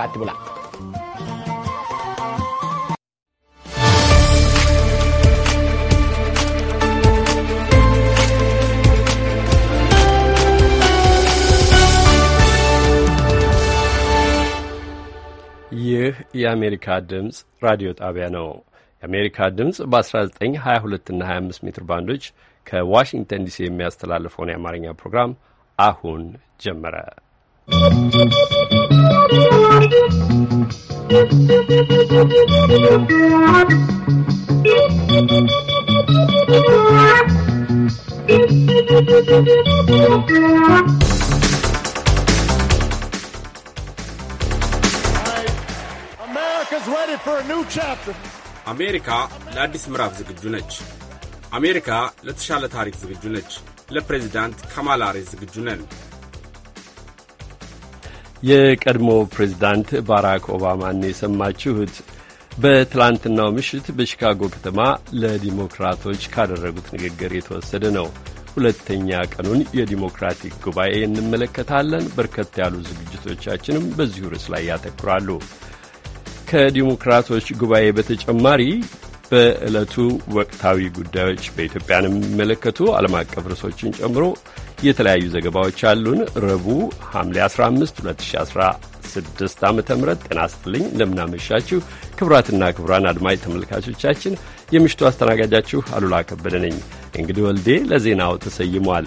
ነጋት ብላ ይህ የአሜሪካ ድምፅ ራዲዮ ጣቢያ ነው። የአሜሪካ ድምፅ በ1922 እና 25 ሜትር ባንዶች ከዋሽንግተን ዲሲ የሚያስተላልፈውን የአማርኛ ፕሮግራም አሁን ጀመረ። አሜሪካ ለአዲስ ምዕራፍ ዝግጁ ነች። አሜሪካ ለተሻለ ታሪክ ዝግጁ ነች። ለፕሬዚዳንት ካማላ ሃሪስ ዝግጁ ነን። የቀድሞ ፕሬዚዳንት ባራክ ኦባማን የሰማችሁት በትላንትናው ምሽት በሽካጎ ከተማ ለዲሞክራቶች ካደረጉት ንግግር የተወሰደ ነው። ሁለተኛ ቀኑን የዲሞክራቲክ ጉባኤ እንመለከታለን። በርከት ያሉ ዝግጅቶቻችንም በዚሁ ርዕስ ላይ ያተኩራሉ። ከዲሞክራቶች ጉባኤ በተጨማሪ በዕለቱ ወቅታዊ ጉዳዮች በኢትዮጵያን የሚመለከቱ ዓለም አቀፍ ርዕሶችን ጨምሮ የተለያዩ ዘገባዎች አሉን። ረቡዕ ሐምሌ 15 2016 ዓ ም ጤና ስጥልኝ፣ እንደምናመሻችሁ ክቡራትና ክቡራን አድማጭ ተመልካቾቻችን፣ የምሽቱ አስተናጋጃችሁ አሉላ ከበደ ነኝ። እንግዲህ ወልዴ ለዜናው ተሰይሟል።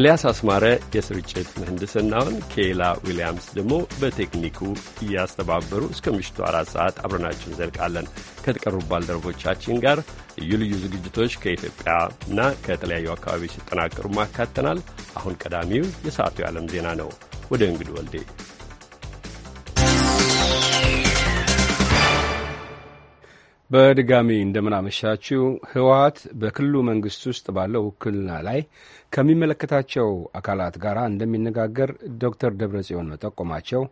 ኤልያስ አስማረ የስርጭት ምህንድስናውን፣ ኬላ ዊልያምስ ደግሞ በቴክኒኩ እያስተባበሩ እስከ ምሽቱ አራት ሰዓት አብረናችሁ እንዘልቃለን። ከተቀሩ ባልደረቦቻችን ጋር ልዩ ልዩ ዝግጅቶች ከኢትዮጵያና ከተለያዩ አካባቢዎች ሲጠናቀሩ ማካተናል። አሁን ቀዳሚው የሰዓቱ የዓለም ዜና ነው። ወደ እንግዱ ወልዴ በድጋሚ እንደምናመሻችው ህወሀት በክልሉ መንግስት ውስጥ ባለው ውክልና ላይ ከሚመለከታቸው አካላት ጋር እንደሚነጋገር ዶክተር ደብረጽዮን መጠቆማቸው፣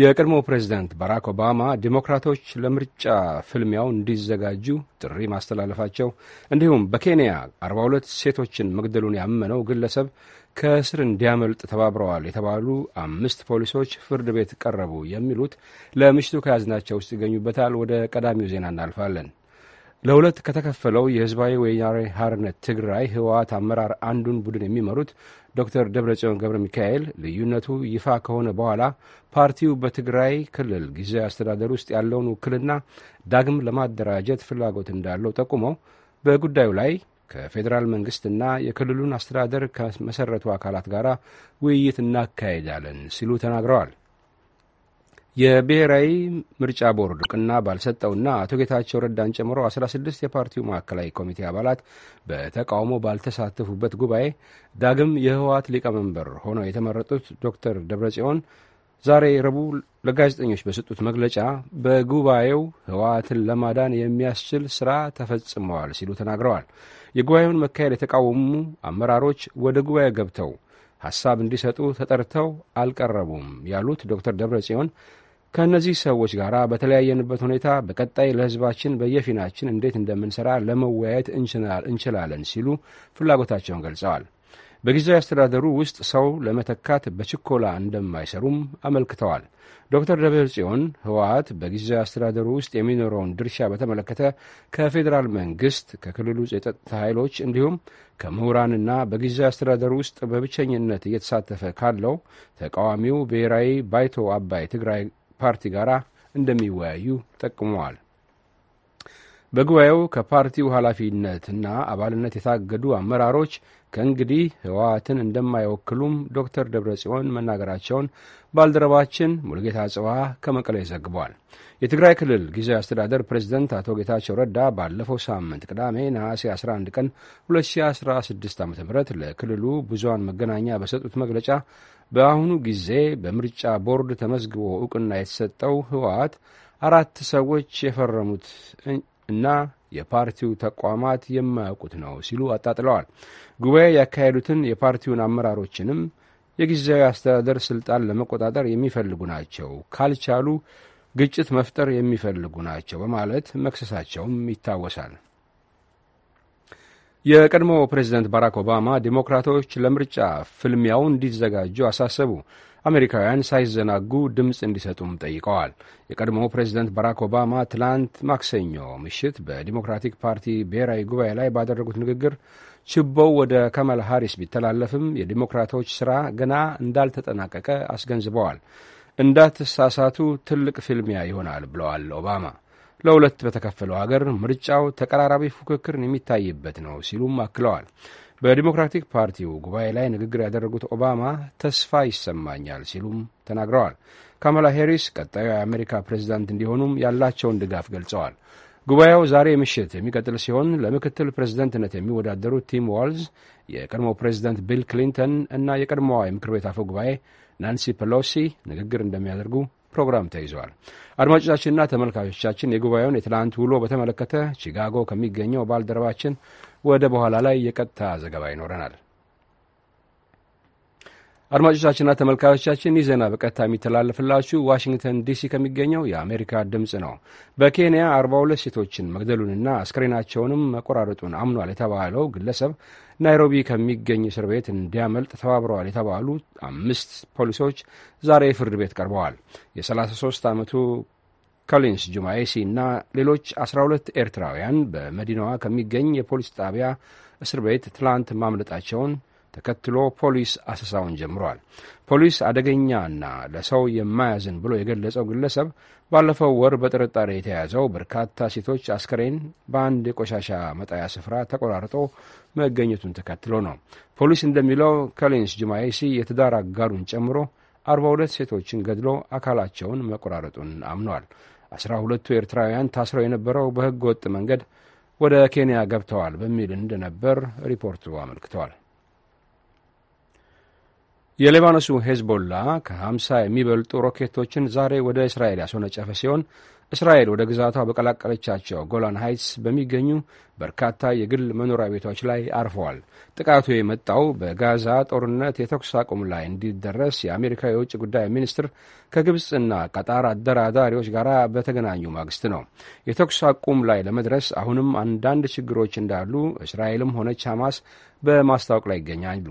የቀድሞ ፕሬዚዳንት ባራክ ኦባማ ዲሞክራቶች ለምርጫ ፍልሚያው እንዲዘጋጁ ጥሪ ማስተላለፋቸው፣ እንዲሁም በኬንያ 42 ሴቶችን መግደሉን ያመነው ግለሰብ ከእስር እንዲያመልጥ ተባብረዋል የተባሉ አምስት ፖሊሶች ፍርድ ቤት ቀረቡ የሚሉት ለምሽቱ ከያዝናቸው ውስጥ ይገኙበታል። ወደ ቀዳሚው ዜና እናልፋለን። ለሁለት ከተከፈለው የህዝባዊ ወያኔ ሓርነት ትግራይ ህወሓት አመራር አንዱን ቡድን የሚመሩት ዶክተር ደብረጽዮን ገብረ ሚካኤል ልዩነቱ ይፋ ከሆነ በኋላ ፓርቲው በትግራይ ክልል ጊዜያዊ አስተዳደር ውስጥ ያለውን ውክልና ዳግም ለማደራጀት ፍላጎት እንዳለው ጠቁመው በጉዳዩ ላይ ከፌዴራል መንግስትና የክልሉን አስተዳደር ከመሠረቱ አካላት ጋር ውይይት እናካሄዳለን ሲሉ ተናግረዋል። የብሔራዊ ምርጫ ቦርድ እውቅና ባልሰጠውና አቶ ጌታቸው ረዳን ጨምሮ 16 የፓርቲው ማዕከላዊ ኮሚቴ አባላት በተቃውሞ ባልተሳተፉበት ጉባኤ ዳግም የህወሀት ሊቀመንበር ሆነው የተመረጡት ዶክተር ደብረጽዮን ዛሬ ረቡዕ ለጋዜጠኞች በሰጡት መግለጫ በጉባኤው ህወሀትን ለማዳን የሚያስችል ስራ ተፈጽመዋል ሲሉ ተናግረዋል። የጉባኤውን መካሄድ የተቃወሙ አመራሮች ወደ ጉባኤ ገብተው ሐሳብ እንዲሰጡ ተጠርተው አልቀረቡም ያሉት ዶክተር ደብረ ጽዮን ከእነዚህ ሰዎች ጋር በተለያየንበት ሁኔታ በቀጣይ ለሕዝባችን በየፊናችን እንዴት እንደምንሠራ ለመወያየት እንችላለን ሲሉ ፍላጎታቸውን ገልጸዋል። በጊዜያዊ አስተዳደሩ ውስጥ ሰው ለመተካት በችኮላ እንደማይሰሩም አመልክተዋል። ዶክተር ደብረ ጽዮን ህወሓት በጊዜያዊ አስተዳደሩ ውስጥ የሚኖረውን ድርሻ በተመለከተ ከፌዴራል መንግስት፣ ከክልሉ የጸጥታ ኃይሎች እንዲሁም ከምሁራንና በጊዜያዊ አስተዳደሩ ውስጥ በብቸኝነት እየተሳተፈ ካለው ተቃዋሚው ብሔራዊ ባይቶ አባይ ትግራይ ፓርቲ ጋር እንደሚወያዩ ጠቅመዋል። በጉባኤው ከፓርቲው ኃላፊነትና አባልነት የታገዱ አመራሮች ከእንግዲህ ህወሓትን እንደማይወክሉም ዶክተር ጽዮን መናገራቸውን ባልደረባችን ሙልጌታ ጽባህ ከመቀሌ ዘግቧል። የትግራይ ክልል ጊዜያዊ አስተዳደር ፕሬዚደንት አቶ ጌታቸው ረዳ ባለፈው ሳምንት ቅዳሜ ነሐሴ 11 ቀን 2016 ዓ ም ለክልሉ ብዙሃን መገናኛ በሰጡት መግለጫ በአሁኑ ጊዜ በምርጫ ቦርድ ተመዝግቦ እውቅና የተሰጠው ህወሓት አራት ሰዎች የፈረሙት እና የፓርቲው ተቋማት የማያውቁት ነው ሲሉ አጣጥለዋል። ጉባኤ ያካሄዱትን የፓርቲውን አመራሮችንም የጊዜያዊ አስተዳደር ስልጣን ለመቆጣጠር የሚፈልጉ ናቸው፣ ካልቻሉ ግጭት መፍጠር የሚፈልጉ ናቸው በማለት መክሰሳቸውም ይታወሳል። የቀድሞ ፕሬዚደንት ባራክ ኦባማ ዴሞክራቶች ለምርጫ ፍልሚያው እንዲዘጋጁ አሳሰቡ። አሜሪካውያን ሳይዘናጉ ድምፅ እንዲሰጡም ጠይቀዋል። የቀድሞው ፕሬዚደንት ባራክ ኦባማ ትላንት ማክሰኞ ምሽት በዲሞክራቲክ ፓርቲ ብሔራዊ ጉባኤ ላይ ባደረጉት ንግግር ችቦው ወደ ከመል ሃሪስ ቢተላለፍም የዲሞክራቶች ሥራ ገና እንዳልተጠናቀቀ አስገንዝበዋል። እንዳትሳሳቱ ትልቅ ፍልሚያ ይሆናል ብለዋል ኦባማ። ለሁለት በተከፈለው አገር ምርጫው ተቀራራቢ ፉክክርን የሚታይበት ነው ሲሉም አክለዋል። በዲሞክራቲክ ፓርቲው ጉባኤ ላይ ንግግር ያደረጉት ኦባማ ተስፋ ይሰማኛል ሲሉም ተናግረዋል። ካማላ ሄሪስ ቀጣዩ የአሜሪካ ፕሬዚዳንት እንዲሆኑም ያላቸውን ድጋፍ ገልጸዋል። ጉባኤው ዛሬ ምሽት የሚቀጥል ሲሆን ለምክትል ፕሬዝደንትነት የሚወዳደሩት ቲም ዋልዝ፣ የቀድሞ ፕሬዝደንት ቢል ክሊንተን እና የቀድሞዋ የምክር ቤት አፈ ጉባኤ ናንሲ ፔሎሲ ንግግር እንደሚያደርጉ ፕሮግራም ተይዘዋል። አድማጮቻችንና ተመልካቾቻችን የጉባኤውን የትላንት ውሎ በተመለከተ ቺካጎ ከሚገኘው ባልደረባችን ወደ በኋላ ላይ የቀጥታ ዘገባ ይኖረናል። አድማጮቻችንና ተመልካቾቻችን ይህ ዜና በቀጥታ የሚተላለፍላችሁ ዋሽንግተን ዲሲ ከሚገኘው የአሜሪካ ድምፅ ነው። በኬንያ 42 ሴቶችን መግደሉንና አስክሬናቸውንም መቆራረጡን አምኗል የተባለው ግለሰብ ናይሮቢ ከሚገኝ እስር ቤት እንዲያመልጥ ተባብረዋል የተባሉ አምስት ፖሊሶች ዛሬ ፍርድ ቤት ቀርበዋል። የ33 ዓመቱ ኮሊንስ ጁማኤሲ እና ሌሎች 12 ኤርትራውያን በመዲናዋ ከሚገኝ የፖሊስ ጣቢያ እስር ቤት ትላንት ማምለጣቸውን ተከትሎ ፖሊስ አሰሳውን ጀምሯል። ፖሊስ አደገኛና ለሰው የማያዝን ብሎ የገለጸው ግለሰብ ባለፈው ወር በጥርጣሬ የተያዘው በርካታ ሴቶች አስከሬን በአንድ የቆሻሻ መጣያ ስፍራ ተቆራርጦ መገኘቱን ተከትሎ ነው። ፖሊስ እንደሚለው ከሊንስ ጁማኤሲ የትዳር አጋሩን ጨምሮ 42 ሴቶችን ገድሎ አካላቸውን መቆራረጡን አምኗል። አስራ ሁለቱ ኤርትራውያን ታስረው የነበረው በሕገ ወጥ መንገድ ወደ ኬንያ ገብተዋል በሚል እንደነበር ሪፖርቱ አመልክተዋል። የሌባኖሱ ሄዝቦላ ከ50 የሚበልጡ ሮኬቶችን ዛሬ ወደ እስራኤል ያስወነጨፈ ሲሆን እስራኤል ወደ ግዛቷ በቀላቀለቻቸው ጎላን ሃይትስ በሚገኙ በርካታ የግል መኖሪያ ቤቶች ላይ አርፈዋል። ጥቃቱ የመጣው በጋዛ ጦርነት የተኩስ አቁም ላይ እንዲደረስ የአሜሪካ የውጭ ጉዳይ ሚኒስትር ከግብፅና ቀጣር አደራዳሪዎች ጋር በተገናኙ ማግስት ነው። የተኩስ አቁም ላይ ለመድረስ አሁንም አንዳንድ ችግሮች እንዳሉ እስራኤልም ሆነች ሐማስ በማስታወቅ ላይ ይገኛሉ።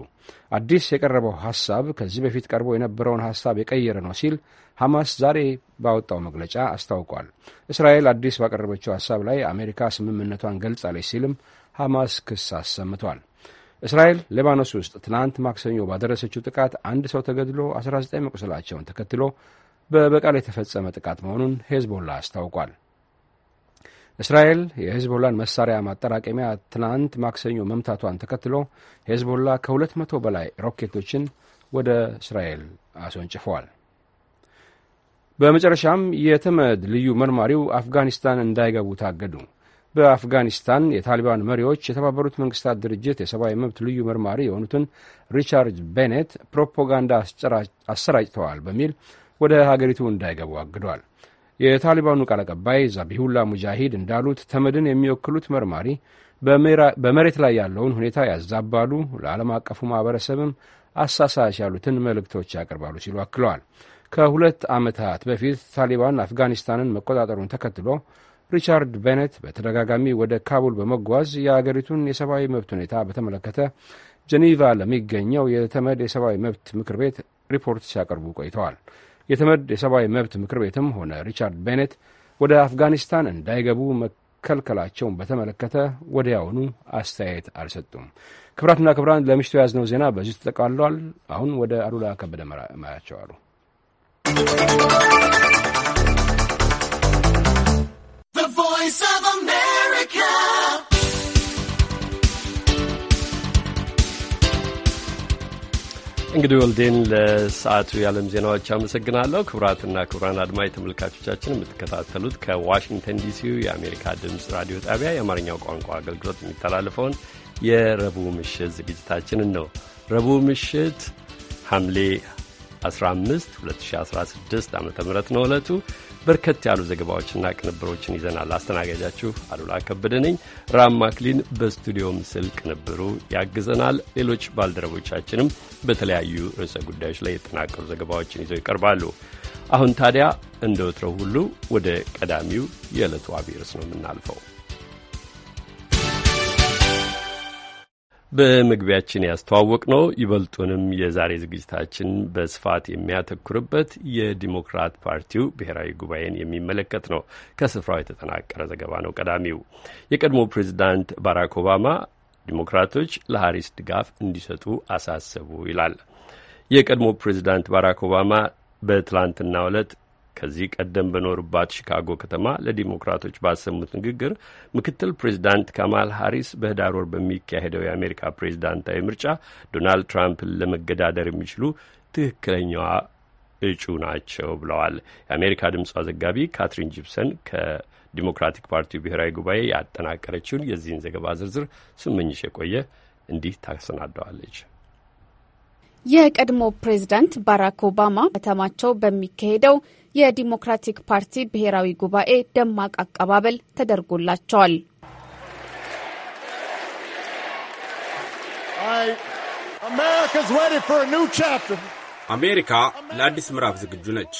አዲስ የቀረበው ሐሳብ ከዚህ በፊት ቀርቦ የነበረውን ሐሳብ የቀየረ ነው ሲል ሐማስ ዛሬ ባወጣው መግለጫ አስታውቋል። እስራኤል አዲስ ባቀረበችው ሐሳብ ላይ አሜሪካ ስምምነቷን ገልጻለች ሲልም ሐማስ ክስ አሰምቷል። እስራኤል ሌባኖስ ውስጥ ትናንት ማክሰኞ ባደረሰችው ጥቃት አንድ ሰው ተገድሎ 19 መቁሰላቸውን ተከትሎ በበቀል የተፈጸመ ጥቃት መሆኑን ሄዝቦላ አስታውቋል። እስራኤል የሄዝቦላን መሳሪያ ማጠራቀሚያ ትናንት ማክሰኞ መምታቷን ተከትሎ ሄዝቦላ ከሁለት መቶ በላይ ሮኬቶችን ወደ እስራኤል አስወንጭፈዋል። በመጨረሻም የተመድ ልዩ መርማሪው አፍጋኒስታን እንዳይገቡ ታገዱ። በአፍጋኒስታን የታሊባን መሪዎች የተባበሩት መንግስታት ድርጅት የሰብአዊ መብት ልዩ መርማሪ የሆኑትን ሪቻርድ ቤኔት ፕሮፓጋንዳ አሰራጭተዋል በሚል ወደ ሀገሪቱ እንዳይገቡ አግዷል። የታሊባኑ ቃል አቀባይ ዛቢሁላ ሙጃሂድ እንዳሉት ተመድን የሚወክሉት መርማሪ በመሬት ላይ ያለውን ሁኔታ ያዛባሉ፣ ለዓለም አቀፉ ማህበረሰብም አሳሳሽ ያሉትን መልእክቶች ያቀርባሉ ሲሉ አክለዋል። ከሁለት ዓመታት በፊት ታሊባን አፍጋኒስታንን መቆጣጠሩን ተከትሎ ሪቻርድ ቤኔት በተደጋጋሚ ወደ ካቡል በመጓዝ የአገሪቱን የሰብአዊ መብት ሁኔታ በተመለከተ ጀኒቫ ለሚገኘው የተመድ የሰብአዊ መብት ምክር ቤት ሪፖርት ሲያቀርቡ ቆይተዋል። የተመድ የሰብአዊ መብት ምክር ቤትም ሆነ ሪቻርድ ቤኔት ወደ አፍጋኒስታን እንዳይገቡ መከልከላቸውን በተመለከተ ወዲያውኑ አስተያየት አልሰጡም። ክብራትና ክብራን ለምሽቱ የያዝነው ዜና በዚሁ ተጠቃሏል። አሁን ወደ አሉላ ከበደ መራያቸው አሉ። እንግዲህ ወልዴን ለሰዓቱ የዓለም ዜናዎች አመሰግናለሁ። ክቡራትና ክቡራን አድማጭ ተመልካቾቻችን የምትከታተሉት ከዋሽንግተን ዲሲው የአሜሪካ ድምፅ ራዲዮ ጣቢያ የአማርኛው ቋንቋ አገልግሎት የሚተላለፈውን የረቡዕ ምሽት ዝግጅታችንን ነው። ረቡዕ ምሽት ሐምሌ 15 2016 ዓ ም ነው ዕለቱ። በርከት ያሉ ዘገባዎችና ቅንብሮችን ይዘናል። አስተናጋጃችሁ አሉላ ከበደ ነኝ። ራም ማክሊን በስቱዲዮ ምስል ቅንብሩ ያግዘናል። ሌሎች ባልደረቦቻችንም በተለያዩ ርዕሰ ጉዳዮች ላይ የተጠናቀሩ ዘገባዎችን ይዘው ይቀርባሉ። አሁን ታዲያ እንደ ወትረው ሁሉ ወደ ቀዳሚው የዕለቱ አብይ ርዕስ ነው የምናልፈው። በመግቢያችን ያስተዋወቅ ነው ይበልጡንም የዛሬ ዝግጅታችን በስፋት የሚያተኩርበት የዲሞክራት ፓርቲው ብሔራዊ ጉባኤን የሚመለከት ነው። ከስፍራው የተጠናቀረ ዘገባ ነው። ቀዳሚው የቀድሞ ፕሬዚዳንት ባራክ ኦባማ ዲሞክራቶች ለሀሪስ ድጋፍ እንዲሰጡ አሳሰቡ ይላል። የቀድሞ ፕሬዚዳንት ባራክ ኦባማ በትላንትና ዕለት ከዚህ ቀደም በኖሩባት ሺካጎ ከተማ ለዲሞክራቶች ባሰሙት ንግግር ምክትል ፕሬዚዳንት ካማል ሀሪስ በህዳር ወር በሚካሄደው የአሜሪካ ፕሬዚዳንታዊ ምርጫ ዶናልድ ትራምፕን ለመገዳደር የሚችሉ ትክክለኛዋ እጩ ናቸው ብለዋል። የአሜሪካ ድምፅ ዘጋቢ ካትሪን ጂፕሰን ከዲሞክራቲክ ፓርቲው ብሔራዊ ጉባኤ ያጠናቀረችውን የዚህን ዘገባ ዝርዝር ስመኝሽ የቆየ እንዲህ ታሰናደዋለች። የቀድሞ ፕሬዚዳንት ባራክ ኦባማ ከተማቸው በሚካሄደው የዲሞክራቲክ ፓርቲ ብሔራዊ ጉባኤ ደማቅ አቀባበል ተደርጎላቸዋል። አሜሪካ ለአዲስ ምዕራፍ ዝግጁ ነች።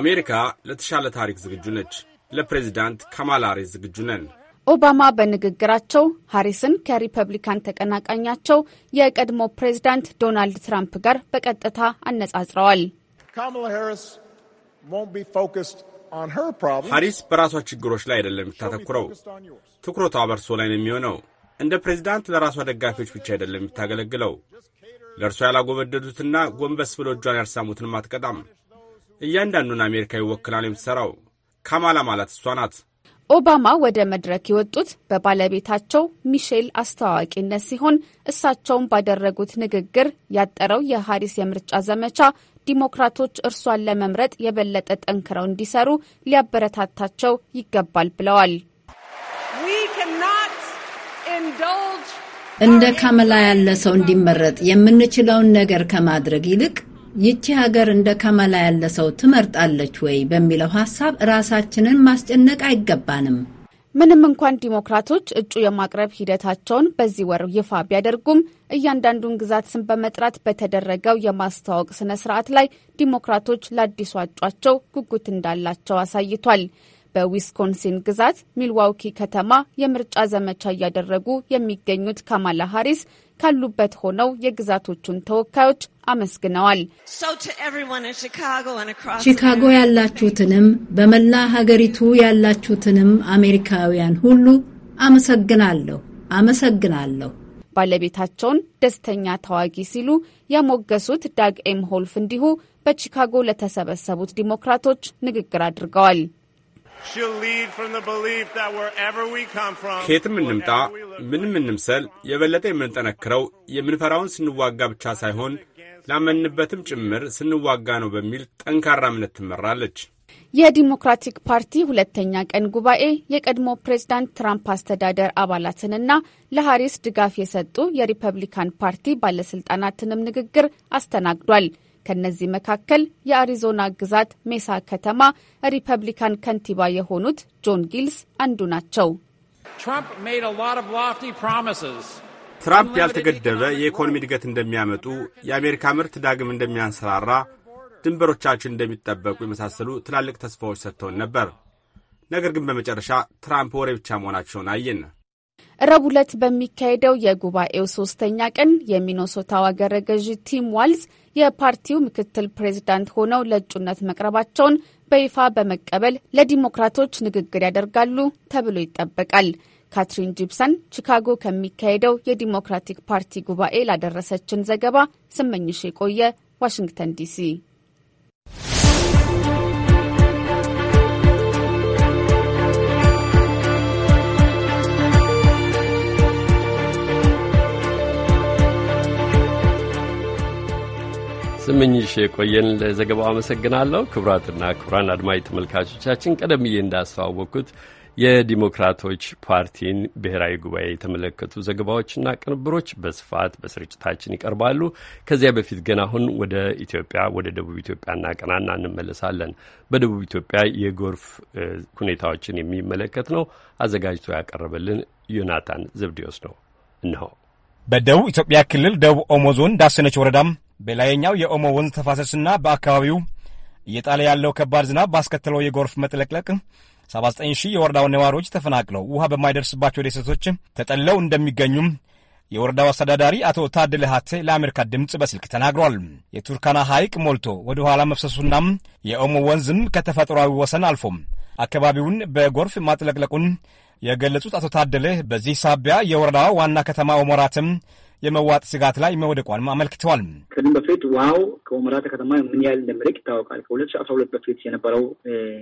አሜሪካ ለተሻለ ታሪክ ዝግጁ ነች። ለፕሬዚዳንት ካማላ ሃሪስ ዝግጁ ነን። ኦባማ በንግግራቸው ሃሪስን ከሪፐብሊካን ተቀናቃኛቸው የቀድሞ ፕሬዚዳንት ዶናልድ ትራምፕ ጋር በቀጥታ አነጻጽረዋል። ሀሪስ በራሷ ችግሮች ላይ አይደለም የምታተኩረው፣ ትኩረቷ በእርሶ ላይ ነው የሚሆነው። እንደ ፕሬዚዳንት ለራሷ ደጋፊዎች ብቻ አይደለም የምታገለግለው። ለእርሷ ያላጎበደዱትና ጎንበስ ብሎ እጇን ያልሳሙትንም አትቀጣም። እያንዳንዱን አሜሪካዊ ወክላ ነው የምትሠራው። ካማላ ማለት እሷ ናት። ኦባማ ወደ መድረክ የወጡት በባለቤታቸው ሚሼል አስተዋዋቂነት ሲሆን እሳቸውም ባደረጉት ንግግር ያጠረው የሀሪስ የምርጫ ዘመቻ ዲሞክራቶች እርሷን ለመምረጥ የበለጠ ጠንክረው እንዲሰሩ ሊያበረታታቸው ይገባል ብለዋል። እንደ ካመላ ያለ ሰው እንዲመረጥ የምንችለውን ነገር ከማድረግ ይልቅ ይቺ ሀገር እንደ ካመላ ያለ ሰው ትመርጣለች ወይ በሚለው ሀሳብ ራሳችንን ማስጨነቅ አይገባንም። ምንም እንኳን ዲሞክራቶች እጩ የማቅረብ ሂደታቸውን በዚህ ወር ይፋ ቢያደርጉም እያንዳንዱን ግዛት ስም በመጥራት በተደረገው የማስተዋወቅ ስነ ስርዓት ላይ ዲሞክራቶች ለአዲሱ አጯቸው ጉጉት እንዳላቸው አሳይቷል። በዊስኮንሲን ግዛት ሚልዋውኪ ከተማ የምርጫ ዘመቻ እያደረጉ የሚገኙት ካማላ ሃሪስ ካሉበት ሆነው የግዛቶቹን ተወካዮች አመስግነዋል። ቺካጎ ያላችሁትንም በመላ ሀገሪቱ ያላችሁትንም አሜሪካውያን ሁሉ አመሰግናለሁ፣ አመሰግናለሁ። ባለቤታቸውን ደስተኛ ተዋጊ ሲሉ ያሞገሱት ዳግ ኤም ሆልፍ እንዲሁ በቺካጎ ለተሰበሰቡት ዲሞክራቶች ንግግር አድርገዋል። ከየትም እንምጣ ምንም እንምሰል፣ የበለጠ የምንጠነክረው የምንፈራውን ስንዋጋ ብቻ ሳይሆን ላመንበትም ጭምር ስንዋጋ ነው በሚል ጠንካራ እምነት ትመራለች። የዲሞክራቲክ ፓርቲ ሁለተኛ ቀን ጉባኤ የቀድሞ ፕሬዝዳንት ትራምፕ አስተዳደር አባላትንና ለሐሪስ ድጋፍ የሰጡ የሪፐብሊካን ፓርቲ ባለስልጣናትንም ንግግር አስተናግዷል። ከነዚህ መካከል የአሪዞና ግዛት ሜሳ ከተማ ሪፐብሊካን ከንቲባ የሆኑት ጆን ጊልስ አንዱ ናቸው። ትራምፕ ያልተገደበ የኢኮኖሚ እድገት እንደሚያመጡ፣ የአሜሪካ ምርት ዳግም እንደሚያንሰራራ፣ ድንበሮቻችን እንደሚጠበቁ የመሳሰሉ ትላልቅ ተስፋዎች ሰጥተውን ነበር። ነገር ግን በመጨረሻ ትራምፕ ወሬ ብቻ መሆናቸውን አየን። ረቡዕ ዕለት በሚካሄደው የጉባኤው ሶስተኛ ቀን የሚኖሶታው አገረ ገዢ ቲም ዋልዝ የፓርቲው ምክትል ፕሬዚዳንት ሆነው ለእጩነት መቅረባቸውን በይፋ በመቀበል ለዲሞክራቶች ንግግር ያደርጋሉ ተብሎ ይጠበቃል። ካትሪን ጂፕሰን ቺካጎ ከሚካሄደው የዲሞክራቲክ ፓርቲ ጉባኤ ላደረሰችን ዘገባ ስመኝሽ የቆየ ዋሽንግተን ዲሲ ስምኝሽ የቆየን ለዘገባው አመሰግናለሁ። ክቡራትና ክቡራን አድማጭ ተመልካቾቻችን ቀደም ብዬ እንዳስተዋወቅኩት የዲሞክራቶች ፓርቲን ብሔራዊ ጉባኤ የተመለከቱ ዘገባዎችና ቅንብሮች በስፋት በስርጭታችን ይቀርባሉ። ከዚያ በፊት ግን አሁን ወደ ኢትዮጵያ ወደ ደቡብ ኢትዮጵያ እናቀናና እንመለሳለን። በደቡብ ኢትዮጵያ የጎርፍ ሁኔታዎችን የሚመለከት ነው። አዘጋጅቶ ያቀረበልን ዮናታን ዘብዴዎስ ነው። እነሆ። በደቡብ ኢትዮጵያ ክልል ደቡብ ኦሞ ዞን ዳሰነች ወረዳም በላይኛው የኦሞ ወንዝ ተፋሰስና በአካባቢው እየጣለ ያለው ከባድ ዝናብ ባስከተለው የጎርፍ መጥለቅለቅ 79 ሺህ የወረዳው ነዋሪዎች ተፈናቅለው ውሃ በማይደርስባቸው ደሴቶች ተጠለው እንደሚገኙም የወረዳው አስተዳዳሪ አቶ ታደለ ሀቴ ለአሜሪካ ድምፅ በስልክ ተናግሯል። የቱርካና ሐይቅ ሞልቶ ወደ ኋላ መፍሰሱና የኦሞ ወንዝም ከተፈጥሯዊ ወሰን አልፎም አካባቢውን በጎርፍ ማጥለቅለቁን የገለጹት አቶ ታደለ በዚህ ሳቢያ የወረዳዋ ዋና ከተማ ኦሞራትም የመዋጥ ስጋት ላይ መውደቋንም አመልክተዋል። ከዚህም በፊት ውሃው ከወመራተ ከተማ ምን ያህል እንደሚርቅ ይታወቃል። ከሁለት ሺ አስራ ሁለት በፊት የነበረው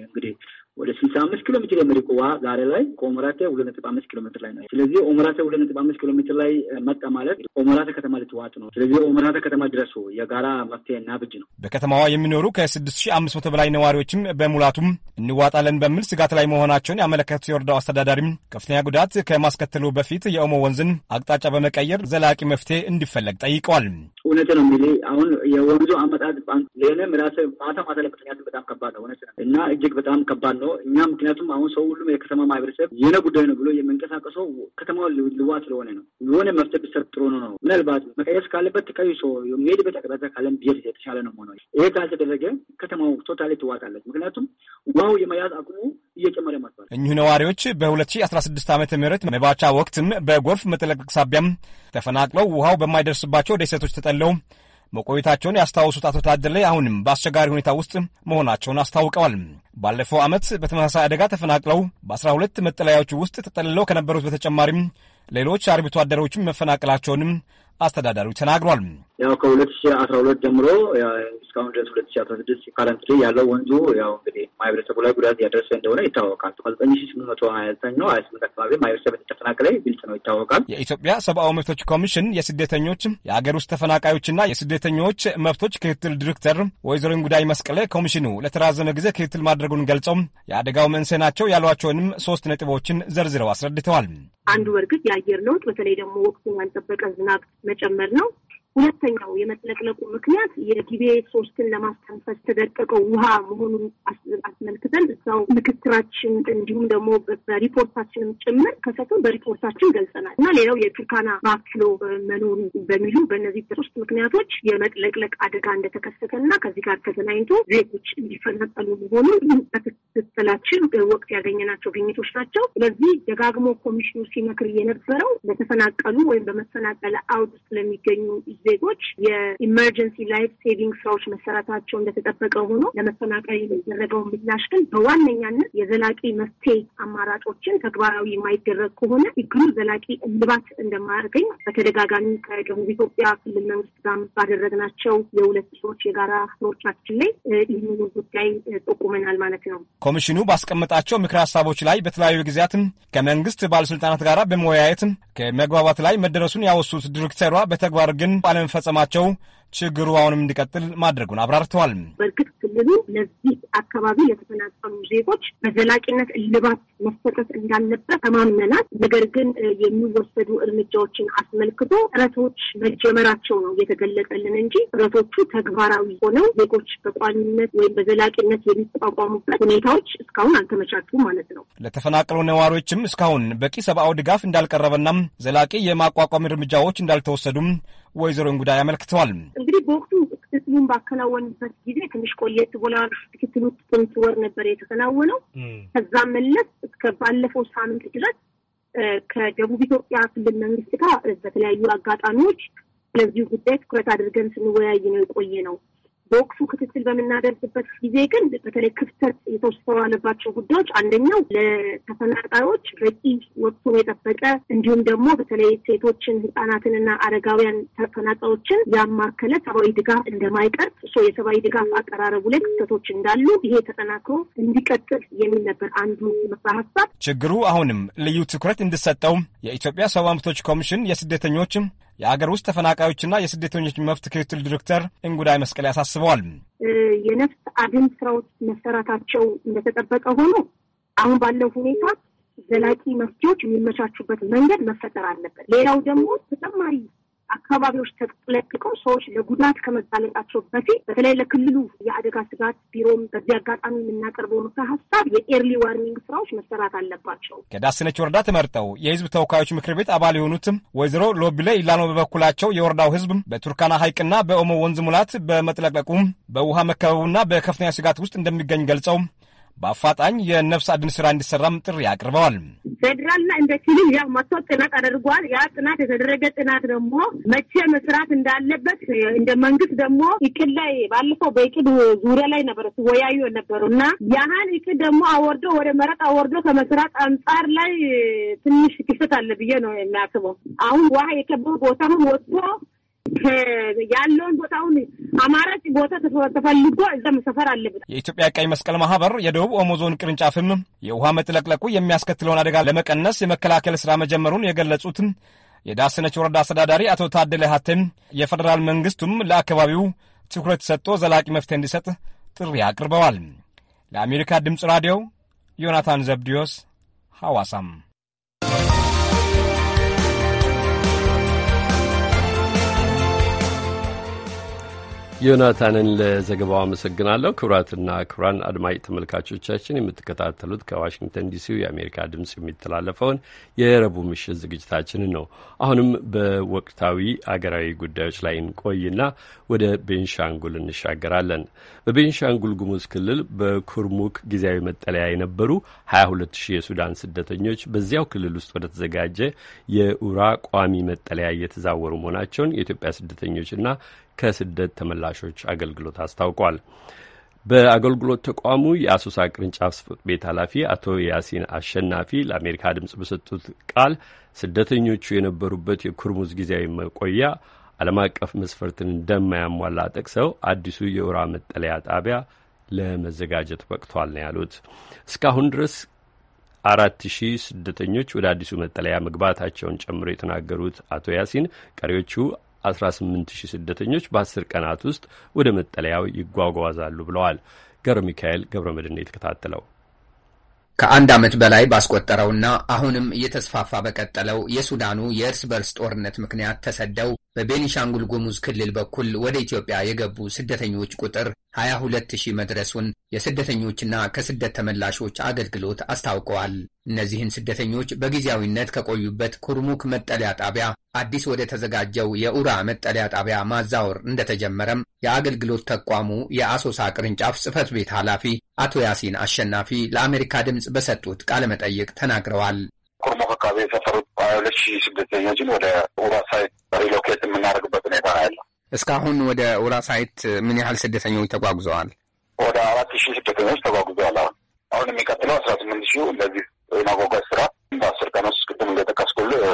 እንግዲህ ወደ ስልሳ አምስት ኪሎ ሜትር የሚርቅ ውሃ ዛሬ ላይ ከኦሞራቴ ሁለት ነጥብ አምስት ኪሎ ሜትር ላይ ነው። ስለዚህ ኦሞራቴ ሁለት ነጥብ አምስት ኪሎ ሜትር ላይ መጣ ማለት ኦሞራቴ ከተማ ልትዋጥ ነው። ስለዚህ ኦሞራቴ ከተማ ድረሱ፣ የጋራ መፍትሄ ብጅ ነው። በከተማዋ የሚኖሩ ከስድስት ሺህ አምስት መቶ በላይ ነዋሪዎችም በሙላቱም እንዋጣለን በሚል ስጋት ላይ መሆናቸውን ያመለከቱት የወረዳው አስተዳዳሪም ከፍተኛ ጉዳት ከማስከተሉ በፊት የኦሞ ወንዝን አቅጣጫ በመቀየር ዘላቂ መፍትሄ እንዲፈለግ ጠይቀዋል። እውነት ነው የሚል አሁን የወንዙ አመጣጥ ሌንም ራሴ ማታ ማታ ላይ በጣም ከባድ ነው እውነት እና እጅግ በጣም ከባድ ነው እኛ ምክንያቱም አሁን ሰው ሁሉም የከተማ ማህበረሰብ የነ ጉዳይ ነው ብሎ የምንቀሳቀሰው ከተማው ልዋ ስለሆነ ነው። የሆነ መፍትሄ ቢሰጥ ጥሩ ነው። ምናልባት መቀየስ ካለበት ሰው የሚሄድበት አቅጣጫ ካለን ብሄድ የተሻለ ነው ሆነ። ይሄ ካልተደረገ ከተማው ቶታሊ ትዋጣለች። ምክንያቱም ውሃው የመያዝ አቅሙ እየጨመረ መጥቷል። እኚሁ ነዋሪዎች በ2016 ዓ ም መባቻ ወቅትም በጎርፍ መጥለቅለቅ ሳቢያም ተፈናቅለው ውሃው በማይደርስባቸው ደሴቶች ተጠለው መቆየታቸውን ያስታወሱት አቶ ታደለ አሁንም በአስቸጋሪ ሁኔታ ውስጥ መሆናቸውን አስታውቀዋል። ባለፈው ዓመት በተመሳሳይ አደጋ ተፈናቅለው በ12 መጠለያዎች ውስጥ ተጠልለው ከነበሩት በተጨማሪም ሌሎች አርብቶ አደሮችም መፈናቀላቸውንም አስተዳዳሪው ተናግሯል። ያው ከሁለት ሺ አስራ ሁለት ጀምሮ እስካሁን ድረስ ሁለት ሺ አስራ ስድስት ካረንት ያለው ወንዙ ያው እንግዲህ ማህበረሰቡ ላይ ጉዳት እያደረሰ እንደሆነ ይታወቃል። ዘጠኝ ሺ ስምንት መቶ ሀያ ዘጠኝ ነው ሀያ ስምንት አካባቢ ማህበረሰብ እንደተፈናቀለ ግልጽ ነው ይታወቃል። የኢትዮጵያ ሰብአዊ መብቶች ኮሚሽን የስደተኞች የአገር ውስጥ ተፈናቃዮችና የስደተኞች መብቶች ክትትል ዲሬክተር ወይዘሮ ጉዳይ መስቀሌ ኮሚሽኑ ለተራዘመ ጊዜ ክትትል ማድረጉን ገልጸው የአደጋው መንስኤ ናቸው ያሏቸውንም ሶስት ነጥቦችን ዘርዝረው አስረድተዋል። አንዱ በእርግጥ የአየር ለውጥ በተለይ ደግሞ ወቅቱን ያልጠበቀ ዝናብ መጨመር ነው። ሁለተኛው የመጥለቅለቁ ምክንያት የጊቤ ሶስትን ለማስተንፈስ ተደቀቀው ውሃ መሆኑን አስመልክተን እዛው ምክክራችን እንዲሁም ደግሞ በሪፖርታችንም ጭምር ከሰቱን በሪፖርታችን ገልጸናል እና ሌላው የቱርካና ባክሎ መኖሩ በሚሉ በእነዚህ ሶስት ምክንያቶች የመጥለቅለቅ አደጋ እንደተከሰተ እና ከዚህ ጋር ተገናኝቶ ዜጎች እንዲፈናቀሉ መሆኑ በክትትላችን ወቅት ያገኘናቸው ግኝቶች ናቸው። ስለዚህ ደጋግሞ ኮሚሽኑ ሲመክር የነበረው ለተፈናቀሉ ወይም በመፈናቀል አውድ ስለሚገኙ ዜጎች የኢመርጀንሲ ላይፍ ሴቪንግ ስራዎች መሰራታቸው እንደተጠበቀ ሆኖ ለመፈናቀል የሚደረገው ምላሽ ግን በዋነኛነት የዘላቂ መፍትሄ አማራጮችን ተግባራዊ የማይደረግ ከሆነ ችግሩ ዘላቂ እልባት እንደማያገኝ በተደጋጋሚ ከደቡብ ኢትዮጵያ ክልል መንግስት ጋር ባደረግናቸው የሁለት ሰዎች የጋራ ስራዎቻችን ላይ ይህንኑ ጉዳይ ጠቁመናል ማለት ነው። ኮሚሽኑ ባስቀመጣቸው ምክር ሀሳቦች ላይ በተለያዩ ጊዜያትም ከመንግስት ባለስልጣናት ጋር በመወያየት ከመግባባት ላይ መደረሱን ያወሱት ዲሬክተሯ በተግባር ግን ባለመፈጸማቸው ችግሩ አሁንም እንዲቀጥል ማድረጉን አብራርተዋል። በእርግጥ ክልሉ ለዚህ አካባቢ ለተፈናቀሉ ዜጎች በዘላቂነት እልባት መሰጠት እንዳለበት ተማምነናል። ነገር ግን የሚወሰዱ እርምጃዎችን አስመልክቶ ጥረቶች መጀመራቸው ነው የተገለጸልን እንጂ ጥረቶቹ ተግባራዊ ሆነው ዜጎች በቋሚነት ወይም በዘላቂነት የሚቋቋሙበት ሁኔታዎች እስካሁን አልተመቻቹም ማለት ነው። ለተፈናቀሉ ነዋሪዎችም እስካሁን በቂ ሰብአዊ ድጋፍ እንዳልቀረበና ዘላቂ የማቋቋም እርምጃዎች እንዳልተወሰዱም ወይዘሮ እንጉዳይ አመልክተዋል። እንግዲህ በወቅቱ ክትትሉን ባከናወንበት ጊዜ ትንሽ ቆየት ብላ ክትትሉ ጥቅምት ወር ነበር የተከናወነው። ከዛም መለስ እስከ ባለፈው ሳምንት ድረስ ከደቡብ ኢትዮጵያ ክልል መንግስት ጋር በተለያዩ አጋጣሚዎች ስለዚሁ ጉዳይ ትኩረት አድርገን ስንወያይ ነው የቆየ ነው። በወቅቱ ክትትል በምናደርግበት ጊዜ ግን በተለይ ክፍተት የተስተዋለባቸው ጉዳዮች አንደኛው ለተፈናቃዮች በቂ ወቅቱን የጠበቀ እንዲሁም ደግሞ በተለይ ሴቶችን፣ ህጻናትንና አረጋውያን ተፈናቃዮችን ያማከለ ሰብአዊ ድጋፍ እንደማይቀርብ እሱ የሰብአዊ ድጋፍ አቀራረቡ ላይ ክፍተቶች እንዳሉ ይሄ ተጠናክሮ እንዲቀጥል የሚል ነበር አንዱ ምክረ ሀሳብ። ችግሩ አሁንም ልዩ ትኩረት እንዲሰጠው የኢትዮጵያ ሰብአዊ መብቶች ኮሚሽን የስደተኞች የአገር ውስጥ ተፈናቃዮችና የስደተኞች መብት ክትትል ዲሬክተር እንጉዳይ መስቀል ያሳስበዋል። የነፍስ አድን ስራዎች መሰራታቸው እንደተጠበቀ ሆኖ አሁን ባለው ሁኔታ ዘላቂ መፍትሄዎች የሚመቻቹበት መንገድ መፈጠር አለበት። ሌላው ደግሞ ተጨማሪ አካባቢዎች ተለቅቀው ሰዎች ለጉዳት ከመጋለጣቸው በፊት በተለይ ለክልሉ የአደጋ ስጋት ቢሮም በዚህ አጋጣሚ የምናቀርበው ምክረ ሀሳብ የኤርሊ ዋርኒንግ ስራዎች መሰራት አለባቸው። ከዳስነች ወረዳ ተመርጠው የህዝብ ተወካዮች ምክር ቤት አባል የሆኑትም ወይዘሮ ሎቢለ ኢላኖ በበኩላቸው የወረዳው ህዝብ በቱርካና ሐይቅና በኦሞ ወንዝ ሙላት በመጥለቅለቁም በውሃ መከበቡና በከፍተኛ ስጋት ውስጥ እንደሚገኝ ገልጸው በአፋጣኝ የነፍስ አድን ስራ እንዲሰራም ጥሪ አቅርበዋል። ፌዴራልና እንደ ክልል ያው መጥቶ ጥናት አድርጓል። ያ ጥናት የተደረገ ጥናት ደግሞ መቼ መስራት እንዳለበት እንደ መንግስት ደግሞ እቅድ ላይ ባለፈው በእቅድ ዙሪያ ላይ ነበረ ሲወያዩ ነበሩ እና ያህን እቅድ ደግሞ አወርዶ ወደ መረጥ አወርዶ ከመስራት አንጻር ላይ ትንሽ ክፍተት አለ ብዬ ነው የሚያስበው። አሁን ውሃ የከበሩ ቦታም ወጥቶ ያለውን ቦታውን አማራጭ ቦታ ተፈልጎ እዛ መሰፈር አለበት። የኢትዮጵያ ቀይ መስቀል ማህበር የደቡብ ኦሞ ዞን ቅርንጫፍም የውሃ መጥለቅለቁ የሚያስከትለውን አደጋ ለመቀነስ የመከላከል ስራ መጀመሩን የገለጹት የዳሰነች ወረዳ አስተዳዳሪ አቶ ታደለ ሀተም የፌዴራል መንግስቱም ለአካባቢው ትኩረት ሰጥቶ ዘላቂ መፍትሄ እንዲሰጥ ጥሪ አቅርበዋል። ለአሜሪካ ድምፅ ራዲዮ ዮናታን ዘብዲዮስ ሐዋሳም ዮናታንን ለዘገባው አመሰግናለሁ። ክቡራትና ክቡራን አድማጭ ተመልካቾቻችን የምትከታተሉት ከዋሽንግተን ዲሲው የአሜሪካ ድምፅ የሚተላለፈውን የረቡዕ ምሽት ዝግጅታችንን ነው። አሁንም በወቅታዊ አገራዊ ጉዳዮች ላይ እንቆይና ወደ ቤንሻንጉል እንሻገራለን። በቤንሻንጉል ጉሙዝ ክልል በኩርሙክ ጊዜያዊ መጠለያ የነበሩ 220 የሱዳን ስደተኞች በዚያው ክልል ውስጥ ወደተዘጋጀ የኡራ ቋሚ መጠለያ እየተዛወሩ መሆናቸውን የኢትዮጵያ ስደተኞችና ከስደት ተመላሾች አገልግሎት አስታውቋል። በአገልግሎት ተቋሙ የአሶሳ ቅርንጫፍ ጽሕፈት ቤት ኃላፊ አቶ ያሲን አሸናፊ ለአሜሪካ ድምፅ በሰጡት ቃል ስደተኞቹ የነበሩበት የኩርሙዝ ጊዜያዊ መቆያ ዓለም አቀፍ መስፈርትን እንደማያሟላ ጠቅሰው አዲሱ የውራ መጠለያ ጣቢያ ለመዘጋጀት በቅቷል ነው ያሉት። እስካሁን ድረስ አራት ሺህ ስደተኞች ወደ አዲሱ መጠለያ መግባታቸውን ጨምሮ የተናገሩት አቶ ያሲን ቀሪዎቹ 18 ሺህ ስደተኞች በ10 ቀናት ውስጥ ወደ መጠለያው ይጓጓዛሉ ብለዋል። ገብረ ሚካኤል ገብረ መድን የተከታተለው ከአንድ ዓመት በላይ ባስቆጠረውና አሁንም እየተስፋፋ በቀጠለው የሱዳኑ የእርስ በርስ ጦርነት ምክንያት ተሰደው በቤኒሻንጉል ጉሙዝ ክልል በኩል ወደ ኢትዮጵያ የገቡ ስደተኞች ቁጥር 22,000 መድረሱን የስደተኞችና ከስደት ተመላሾች አገልግሎት አስታውቀዋል። እነዚህን ስደተኞች በጊዜያዊነት ከቆዩበት ኩርሙክ መጠለያ ጣቢያ አዲስ ወደ ተዘጋጀው የኡራ መጠለያ ጣቢያ ማዛወር እንደተጀመረም የአገልግሎት ተቋሙ የአሶሳ ቅርንጫፍ ጽፈት ቤት ኃላፊ አቶ ያሲን አሸናፊ ለአሜሪካ ድምፅ በሰጡት ቃለመጠይቅ ተናግረዋል። ኮርሞክ አካባቢ የሰፈሩት ሁለት ሺህ ስደተኞችን ወደ ኡራሳይት ሳይት ሪሎኬት የምናደርግበት ሁኔታ ነው ያለው። እስካሁን ወደ ኡራሳይት ሳይት ምን ያህል ስደተኞች ተጓጉዘዋል? ወደ አራት ሺህ ስደተኞች ተጓጉዘዋል። አሁን አሁን የሚቀጥለው አስራ ስምንት ሺህ እንደዚህ የማጓጓዝ ስራ በአስር ቀን ውስጥ ቅድም እንደጠቀስኩልህ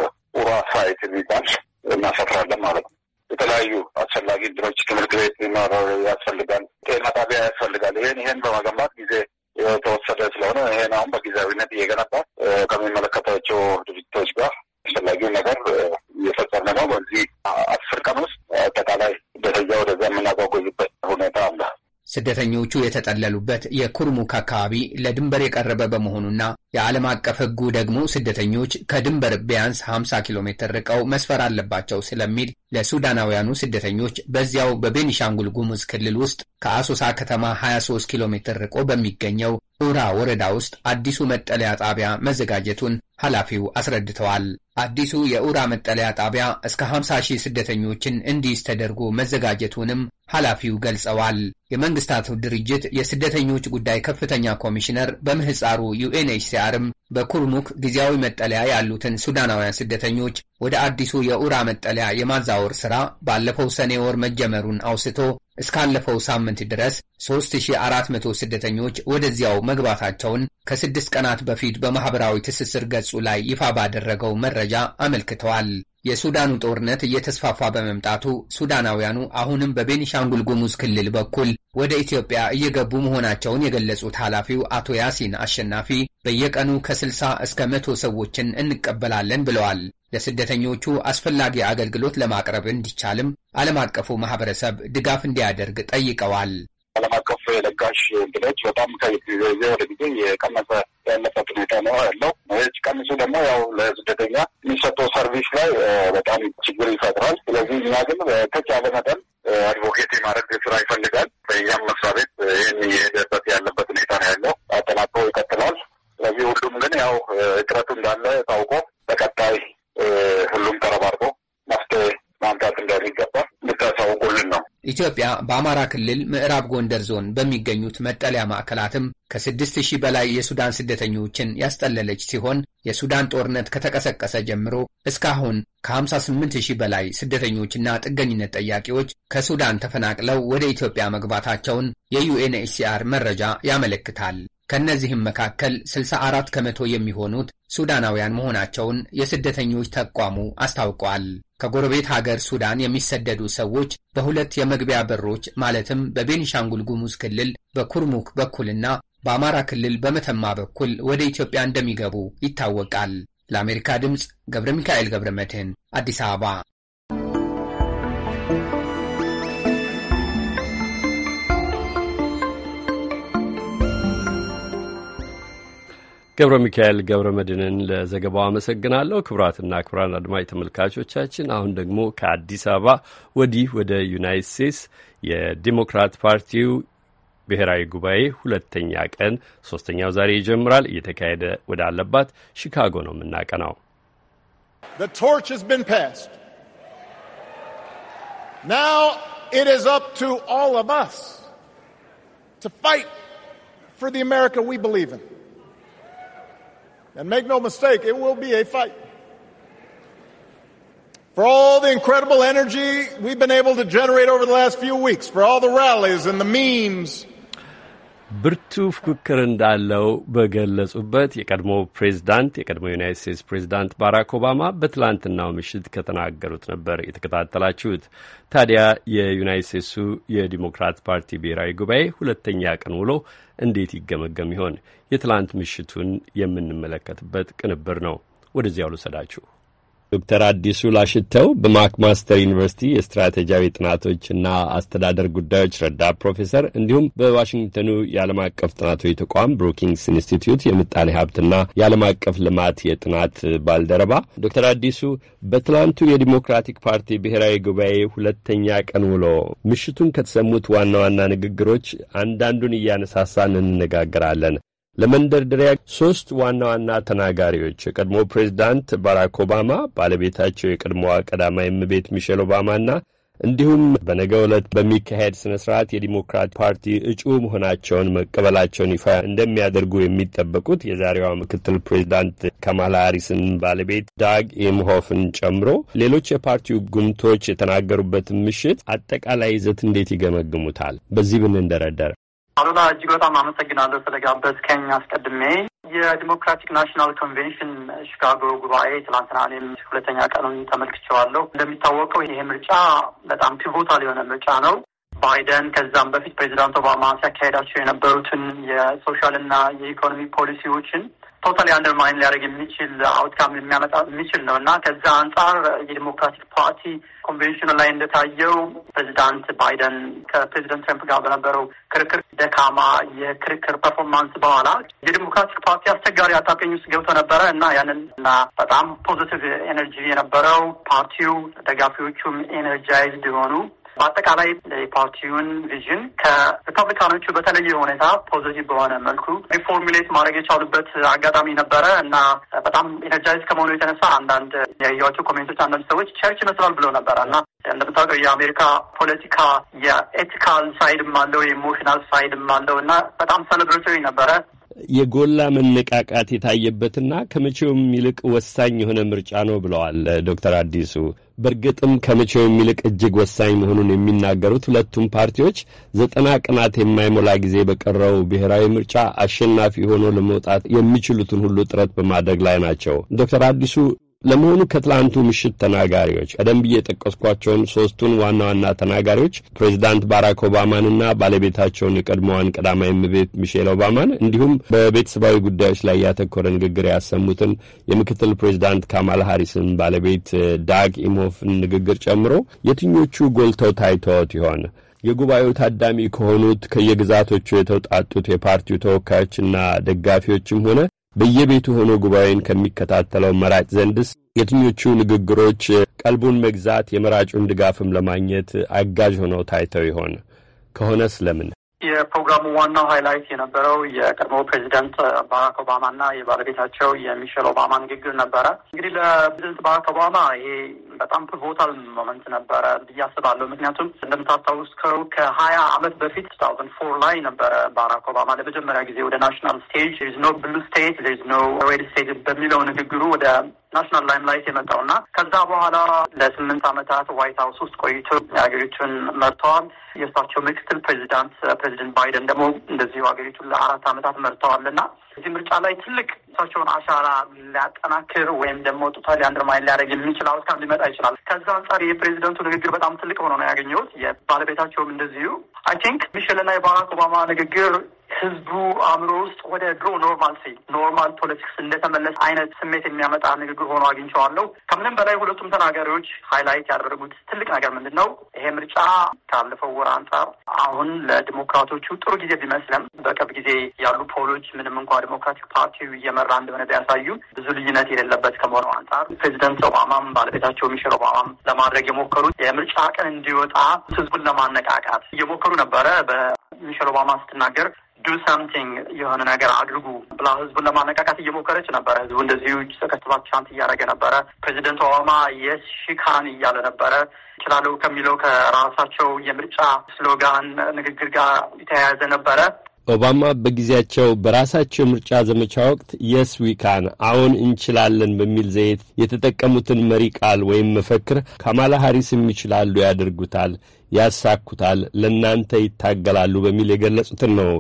ኡራ ሳይት የሚባል እናሰፍራለን ማለት ነው። የተለያዩ አስፈላጊ ድሮች ትምህርት ቤት ያስፈልጋል ስደተኞቹ የተጠለሉበት የኩርሙክ አካባቢ ለድንበር የቀረበ በመሆኑና የዓለም አቀፍ ሕጉ ደግሞ ስደተኞች ከድንበር ቢያንስ 50 ኪሎ ሜትር ርቀው መስፈር አለባቸው ስለሚል ለሱዳናውያኑ ስደተኞች በዚያው በቤኒሻንጉል ጉሙዝ ክልል ውስጥ ከአሶሳ ከተማ 23 ኪሎ ሜትር ርቆ በሚገኘው ኡራ ወረዳ ውስጥ አዲሱ መጠለያ ጣቢያ መዘጋጀቱን ኃላፊው አስረድተዋል። አዲሱ የኡራ መጠለያ ጣቢያ እስከ 50 ሺህ ስደተኞችን እንዲይዝ ተደርጎ መዘጋጀቱንም ኃላፊው ገልጸዋል። የመንግስታቱ ድርጅት የስደተኞች ጉዳይ ከፍተኛ ኮሚሽነር በምህፃሩ ዩኤንኤችሲአርም በኩርሙክ ጊዜያዊ መጠለያ ያሉትን ሱዳናውያን ስደተኞች ወደ አዲሱ የኡራ መጠለያ የማዛወር ሥራ ባለፈው ሰኔ ወር መጀመሩን አውስቶ እስካለፈው ሳምንት ድረስ 3400 ስደተኞች ወደዚያው መግባታቸውን ከስድስት ቀናት በፊት በማኅበራዊ ትስስር ገጹ ላይ ይፋ ባደረገው መረጃ አመልክተዋል። የሱዳኑ ጦርነት እየተስፋፋ በመምጣቱ ሱዳናውያኑ አሁንም በቤኒሻንጉል ጉሙዝ ክልል በኩል ወደ ኢትዮጵያ እየገቡ መሆናቸውን የገለጹት ኃላፊው አቶ ያሲን አሸናፊ በየቀኑ ከ60 እስከ መቶ ሰዎችን እንቀበላለን ብለዋል። ለስደተኞቹ አስፈላጊ አገልግሎት ለማቅረብ እንዲቻልም ዓለም አቀፉ ማህበረሰብ ድጋፍ እንዲያደርግ ጠይቀዋል። ጋሽ እንትኖች በጣም ከጊዜ ወደ ጊዜ የቀነሰ ያለበት ሁኔታ ነው ያለው። ይች ቀንሱ ደግሞ ያው ለስደተኛ የሚሰጠው ሰርቪስ ላይ በጣም ችግር ይፈጥራል። ስለዚህ እኛ ግን ተቻለ መጠን አድቮኬት የማድረግ ስራ ይፈልጋል። ኢትዮጵያ በአማራ ክልል ምዕራብ ጎንደር ዞን በሚገኙት መጠለያ ማዕከላትም ከ ሺህ በላይ የሱዳን ስደተኞችን ያስጠለለች ሲሆን የሱዳን ጦርነት ከተቀሰቀሰ ጀምሮ እስካሁን ከ58 ሺህ በላይ ስደተኞችና ጥገኝነት ጠያቂዎች ከሱዳን ተፈናቅለው ወደ ኢትዮጵያ መግባታቸውን የዩኤንኤችሲአር መረጃ ያመለክታል። ከእነዚህም መካከል 64 ከመቶ የሚሆኑት ሱዳናውያን መሆናቸውን የስደተኞች ተቋሙ አስታውቋል። ከጎረቤት ሀገር ሱዳን የሚሰደዱ ሰዎች በሁለት የመግቢያ በሮች ማለትም በቤኒሻንጉል ጉሙዝ ክልል በኩርሙክ በኩልና በአማራ ክልል በመተማ በኩል ወደ ኢትዮጵያ እንደሚገቡ ይታወቃል። ለአሜሪካ ድምፅ ገብረ ሚካኤል ገብረ መድህን አዲስ አበባ ገብረ ሚካኤል ገብረ መድንን ለዘገባው አመሰግናለሁ። ክቡራትና ክቡራን አድማጭ ተመልካቾቻችን አሁን ደግሞ ከአዲስ አበባ ወዲህ ወደ ዩናይት ስቴትስ የዲሞክራት ፓርቲው ብሔራዊ ጉባኤ ሁለተኛ ቀን ሶስተኛው ዛሬ ይጀምራል እየተካሄደ ወዳለባት ሺካጎ ነው የምናቀናው። ቶርች And make no mistake, it will be a fight. For all the incredible energy we've been able to generate over the last few weeks, for all the rallies and the memes ብርቱ ፉክክር እንዳለው በገለጹበት የቀድሞ ፕሬዝዳንት የቀድሞ ዩናይት ስቴትስ ፕሬዝዳንት ባራክ ኦባማ በትላንትናው ምሽት ከተናገሩት ነበር የተከታተላችሁት። ታዲያ የዩናይት ስቴትሱ የዲሞክራት ፓርቲ ብሔራዊ ጉባኤ ሁለተኛ ቀን ውሎ እንዴት ይገመገም ይሆን? የትላንት ምሽቱን የምንመለከትበት ቅንብር ነው። ወደዚያው ልውሰዳችሁ። ዶክተር አዲሱ ላሽተው በማክማስተር ዩኒቨርሲቲ የስትራቴጂያዊ ጥናቶችና አስተዳደር ጉዳዮች ረዳት ፕሮፌሰር እንዲሁም በዋሽንግተኑ የዓለም አቀፍ ጥናቶች ተቋም ብሮኪንግስ ኢንስቲትዩት የምጣኔ ሀብትና የዓለም አቀፍ ልማት የጥናት ባልደረባ። ዶክተር አዲሱ በትላንቱ የዲሞክራቲክ ፓርቲ ብሔራዊ ጉባኤ ሁለተኛ ቀን ውሎ ምሽቱን ከተሰሙት ዋና ዋና ንግግሮች አንዳንዱን እያነሳሳን እንነጋገራለን። ለመንደርደሪያ ሶስት ዋና ዋና ተናጋሪዎች የቀድሞ ፕሬዚዳንት ባራክ ኦባማ፣ ባለቤታቸው የቀድሞዋ ቀዳማዊት እመቤት ሚሼል ኦባማና እንዲሁም በነገ ዕለት በሚካሄድ ስነ ስርዓት የዲሞክራት ፓርቲ እጩ መሆናቸውን መቀበላቸውን ይፋ እንደሚያደርጉ የሚጠበቁት የዛሬዋ ምክትል ፕሬዚዳንት ካማላ ሃሪስን ባለቤት ዳግ ኤምሆፍን ጨምሮ ሌሎች የፓርቲው ጉምቶች የተናገሩበትን ምሽት አጠቃላይ ይዘት እንዴት ይገመግሙታል? በዚህ ብንደረደር አሉላ እጅግ በጣም አመሰግናለሁ ስለጋበዝከኝ። አስቀድሜ የዲሞክራቲክ ናሽናል ኮንቬንሽን ሽካጎ ጉባኤ ትላንትና እኔም ሁለተኛ ቀኑን ተመልክቼዋለሁ። እንደሚታወቀው ይሄ ምርጫ በጣም ፒቮታል የሆነ ምርጫ ነው። ባይደን ከዛም በፊት ፕሬዚዳንት ኦባማ ሲያካሄዳቸው የነበሩትን የሶሻል እና የኢኮኖሚ ፖሊሲዎችን ቶታሊ አንደርማይን ሊያደርግ የሚችል አውትካም የሚያመጣ የሚችል ነው እና ከዛ አንጻር የዲሞክራቲክ ፓርቲ ኮንቬንሽን ላይ እንደታየው ፕሬዚዳንት ባይደን ከፕሬዚደንት ትረምፕ ጋር በነበረው ክርክር ደካማ የክርክር ፐርፎርማንስ በኋላ የዲሞክራቲክ ፓርቲ አስቸጋሪ አጣብቂኝ ውስጥ ገብቶ ነበረ እና ያንን እና በጣም ፖዚቲቭ ኤነርጂ የነበረው ፓርቲው ደጋፊዎቹም ኤነርጃይዝድ የሆኑ በአጠቃላይ የፓርቲውን ቪዥን ከሪፐብሊካኖቹ በተለየ ሁኔታ ፖዘቲቭ በሆነ መልኩ ሪፎርሙሌት ማድረግ የቻሉበት አጋጣሚ ነበረ እና በጣም ኤነርጃይዝ ከመሆኑ የተነሳ አንዳንድ ያየኋቸው ኮሜንቶች፣ አንዳንድ ሰዎች ቸርች ይመስላል ብሎ ነበረ እና እንደምታውቀው የአሜሪካ ፖለቲካ የኤቲካል ሳይድም አለው የኢሞሽናል ሳይድም አለው እና በጣም ሰለብሬቶሪ ነበረ የጎላ መነቃቃት የታየበትና ከመቼውም ይልቅ ወሳኝ የሆነ ምርጫ ነው ብለዋል ዶክተር አዲሱ። በእርግጥም ከመቼው የሚልቅ እጅግ ወሳኝ መሆኑን የሚናገሩት ሁለቱም ፓርቲዎች ዘጠና ቀናት የማይሞላ ጊዜ በቀረው ብሔራዊ ምርጫ አሸናፊ ሆኖ ለመውጣት የሚችሉትን ሁሉ ጥረት በማድረግ ላይ ናቸው። ዶክተር አዲሱ ለመሆኑ ከትላንቱ ምሽት ተናጋሪዎች ቀደም ብዬ የጠቀስኳቸውን ሶስቱን ዋና ዋና ተናጋሪዎች ፕሬዚዳንት ባራክ ኦባማንና ባለቤታቸውን የቀድሞዋን ቀዳማዊ እመቤት ሚሼል ኦባማን እንዲሁም በቤተሰባዊ ጉዳዮች ላይ ያተኮረ ንግግር ያሰሙትን የምክትል ፕሬዚዳንት ካማል ሃሪስን ባለቤት ዳግ ኢምሆፍን ንግግር ጨምሮ የትኞቹ ጎልተው ታይተዎት ይሆን? የጉባኤው ታዳሚ ከሆኑት ከየግዛቶቹ የተውጣጡት የፓርቲው ተወካዮችና ደጋፊዎችም ሆነ በየቤቱ ሆኖ ጉባኤን ከሚከታተለው መራጭ ዘንድስ የትኞቹ ንግግሮች ቀልቡን መግዛት የመራጩን ድጋፍም ለማግኘት አጋዥ ሆነው ታይተው ይሆን? ከሆነስ ለምን? የፕሮግራሙ ዋናው ሃይላይት የነበረው የቀድሞ ፕሬዚደንት ባራክ ኦባማና የባለቤታቸው የሚሸል ኦባማ ንግግር ነበረ። እንግዲህ ለፕሬዚደንት ባራክ ኦባማ ይሄ በጣም ፒቮታል ሞመንት ነበረ ብዬ አስባለሁ። ምክንያቱም እንደምታስታውስ ከሀያ አመት በፊት ቱ ታውዘንድ ፎር ላይ ነበረ ባራክ ኦባማ ለመጀመሪያ ጊዜ ወደ ናሽናል ስቴጅ ዜርዝ ኖ ብሉ ስቴት ዜርዝ ኖ ሬድ ስቴት በሚለው ንግግሩ ወደ ናሽናል ላይም ላይት የመጣው እና ከዛ በኋላ ለስምንት ዓመታት ዋይት ሀውስ ውስጥ ቆይቶ ሀገሪቱን መርተዋል። የእሳቸው ምክትል ፕሬዚዳንት ፕሬዚደንት ባይደን ደግሞ እንደዚሁ ሀገሪቱን ለአራት ዓመታት መርተዋል እና እዚህ ምርጫ ላይ ትልቅ እሳቸውን አሻራ ሊያጠናክር ወይም ደግሞ ጡታ ሊያንድርማይን ሊያደርግ የሚችል አውትካም ሊመጣ ይችላል። ከዛ አንጻር የፕሬዚደንቱ ንግግር በጣም ትልቅ ሆኖ ነው ያገኘሁት። የባለቤታቸውም እንደዚሁ አይ ቲንክ ሚሼልና የባራክ ኦባማ ንግግር ህዝቡ አእምሮ ውስጥ ወደ ድሮ ኖርማል ሲ ኖርማል ፖለቲክስ እንደተመለሰ አይነት ስሜት የሚያመጣ ንግግር ሆኖ አግኝቸዋለሁ። ከምንም በላይ ሁለቱም ተናጋሪዎች ሃይላይት ያደረጉት ትልቅ ነገር ምንድን ነው? ይሄ ምርጫ ካለፈው ወር አንጻር አሁን ለዲሞክራቶቹ ጥሩ ጊዜ ቢመስልም በቅርብ ጊዜ ያሉ ፖሎች ምንም እንኳ ዲሞክራቲክ ፓርቲው እየመራ እንደሆነ ቢያሳዩ ብዙ ልዩነት የሌለበት ከመሆኑ አንጻር ፕሬዚደንት ኦባማም ባለቤታቸው ሚሼል ኦባማም ለማድረግ የሞከሩት የምርጫ ቀን እንዲወጣ ህዝቡን ለማነቃቃት እየሞከሩ ነበረ። በሚሼል ኦባማ ስትናገር ዱ ሰምቲንግ የሆነ ነገር አድርጉ ብላ ህዝቡን ለማነቃቃት እየሞከረች ነበረ። ህዝቡ እንደዚሁ ተከትሏት ቻንት እያደረገ ነበረ። ፕሬዚደንት ኦባማ የስ ሺካን እያለ ነበረ። ይችላሉ ከሚለው ከራሳቸው የምርጫ ስሎጋን ንግግር ጋር የተያያዘ ነበረ። ኦባማ በጊዜያቸው በራሳቸው ምርጫ ዘመቻ ወቅት የስ ዊካን አዎን እንችላለን በሚል ዘይት የተጠቀሙትን መሪ ቃል ወይም መፈክር ካማላ ሀሪስም ይችላሉ፣ ያደርጉታል፣ ያሳኩታል፣ ለእናንተ ይታገላሉ በሚል የገለጹትን ነው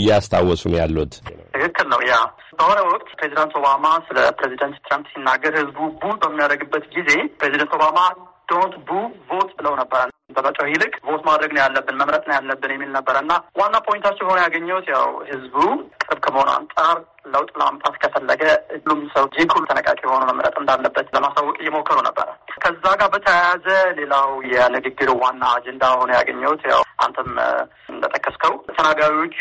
እያስታወሱ ነው ያሉት። ትክክል ነው። ያ በሆነ ወቅት ፕሬዚዳንት ኦባማ ስለ ፕሬዚዳንት ትራምፕ ሲናገር ህዝቡ ቡ በሚያደርግበት ጊዜ ፕሬዚዳንት ኦባማ ዶንት ቡ ቮት ብለው ነበር። በመጮህ ይልቅ ቮት ማድረግ ነው ያለብን፣ መምረጥ ነው ያለብን የሚል ነበረ እና ዋና ፖይንታቸው ሆነ ያገኘሁት ያው ህዝቡ ቅርብ ከመሆኑ አንጻር ለውጥ ለማምጣት ከፈለገ ሁሉም ሰው ጂኩል ተነቃቂ የሆኑ መምረጥ እንዳለበት ለማሳወቅ እየሞከሩ ነበረ። ከዛ ጋር በተያያዘ ሌላው የንግግር ዋና አጀንዳ ሆነ ያገኘሁት ያው አንተም እንደጠቀስከው ተናጋሪዎቹ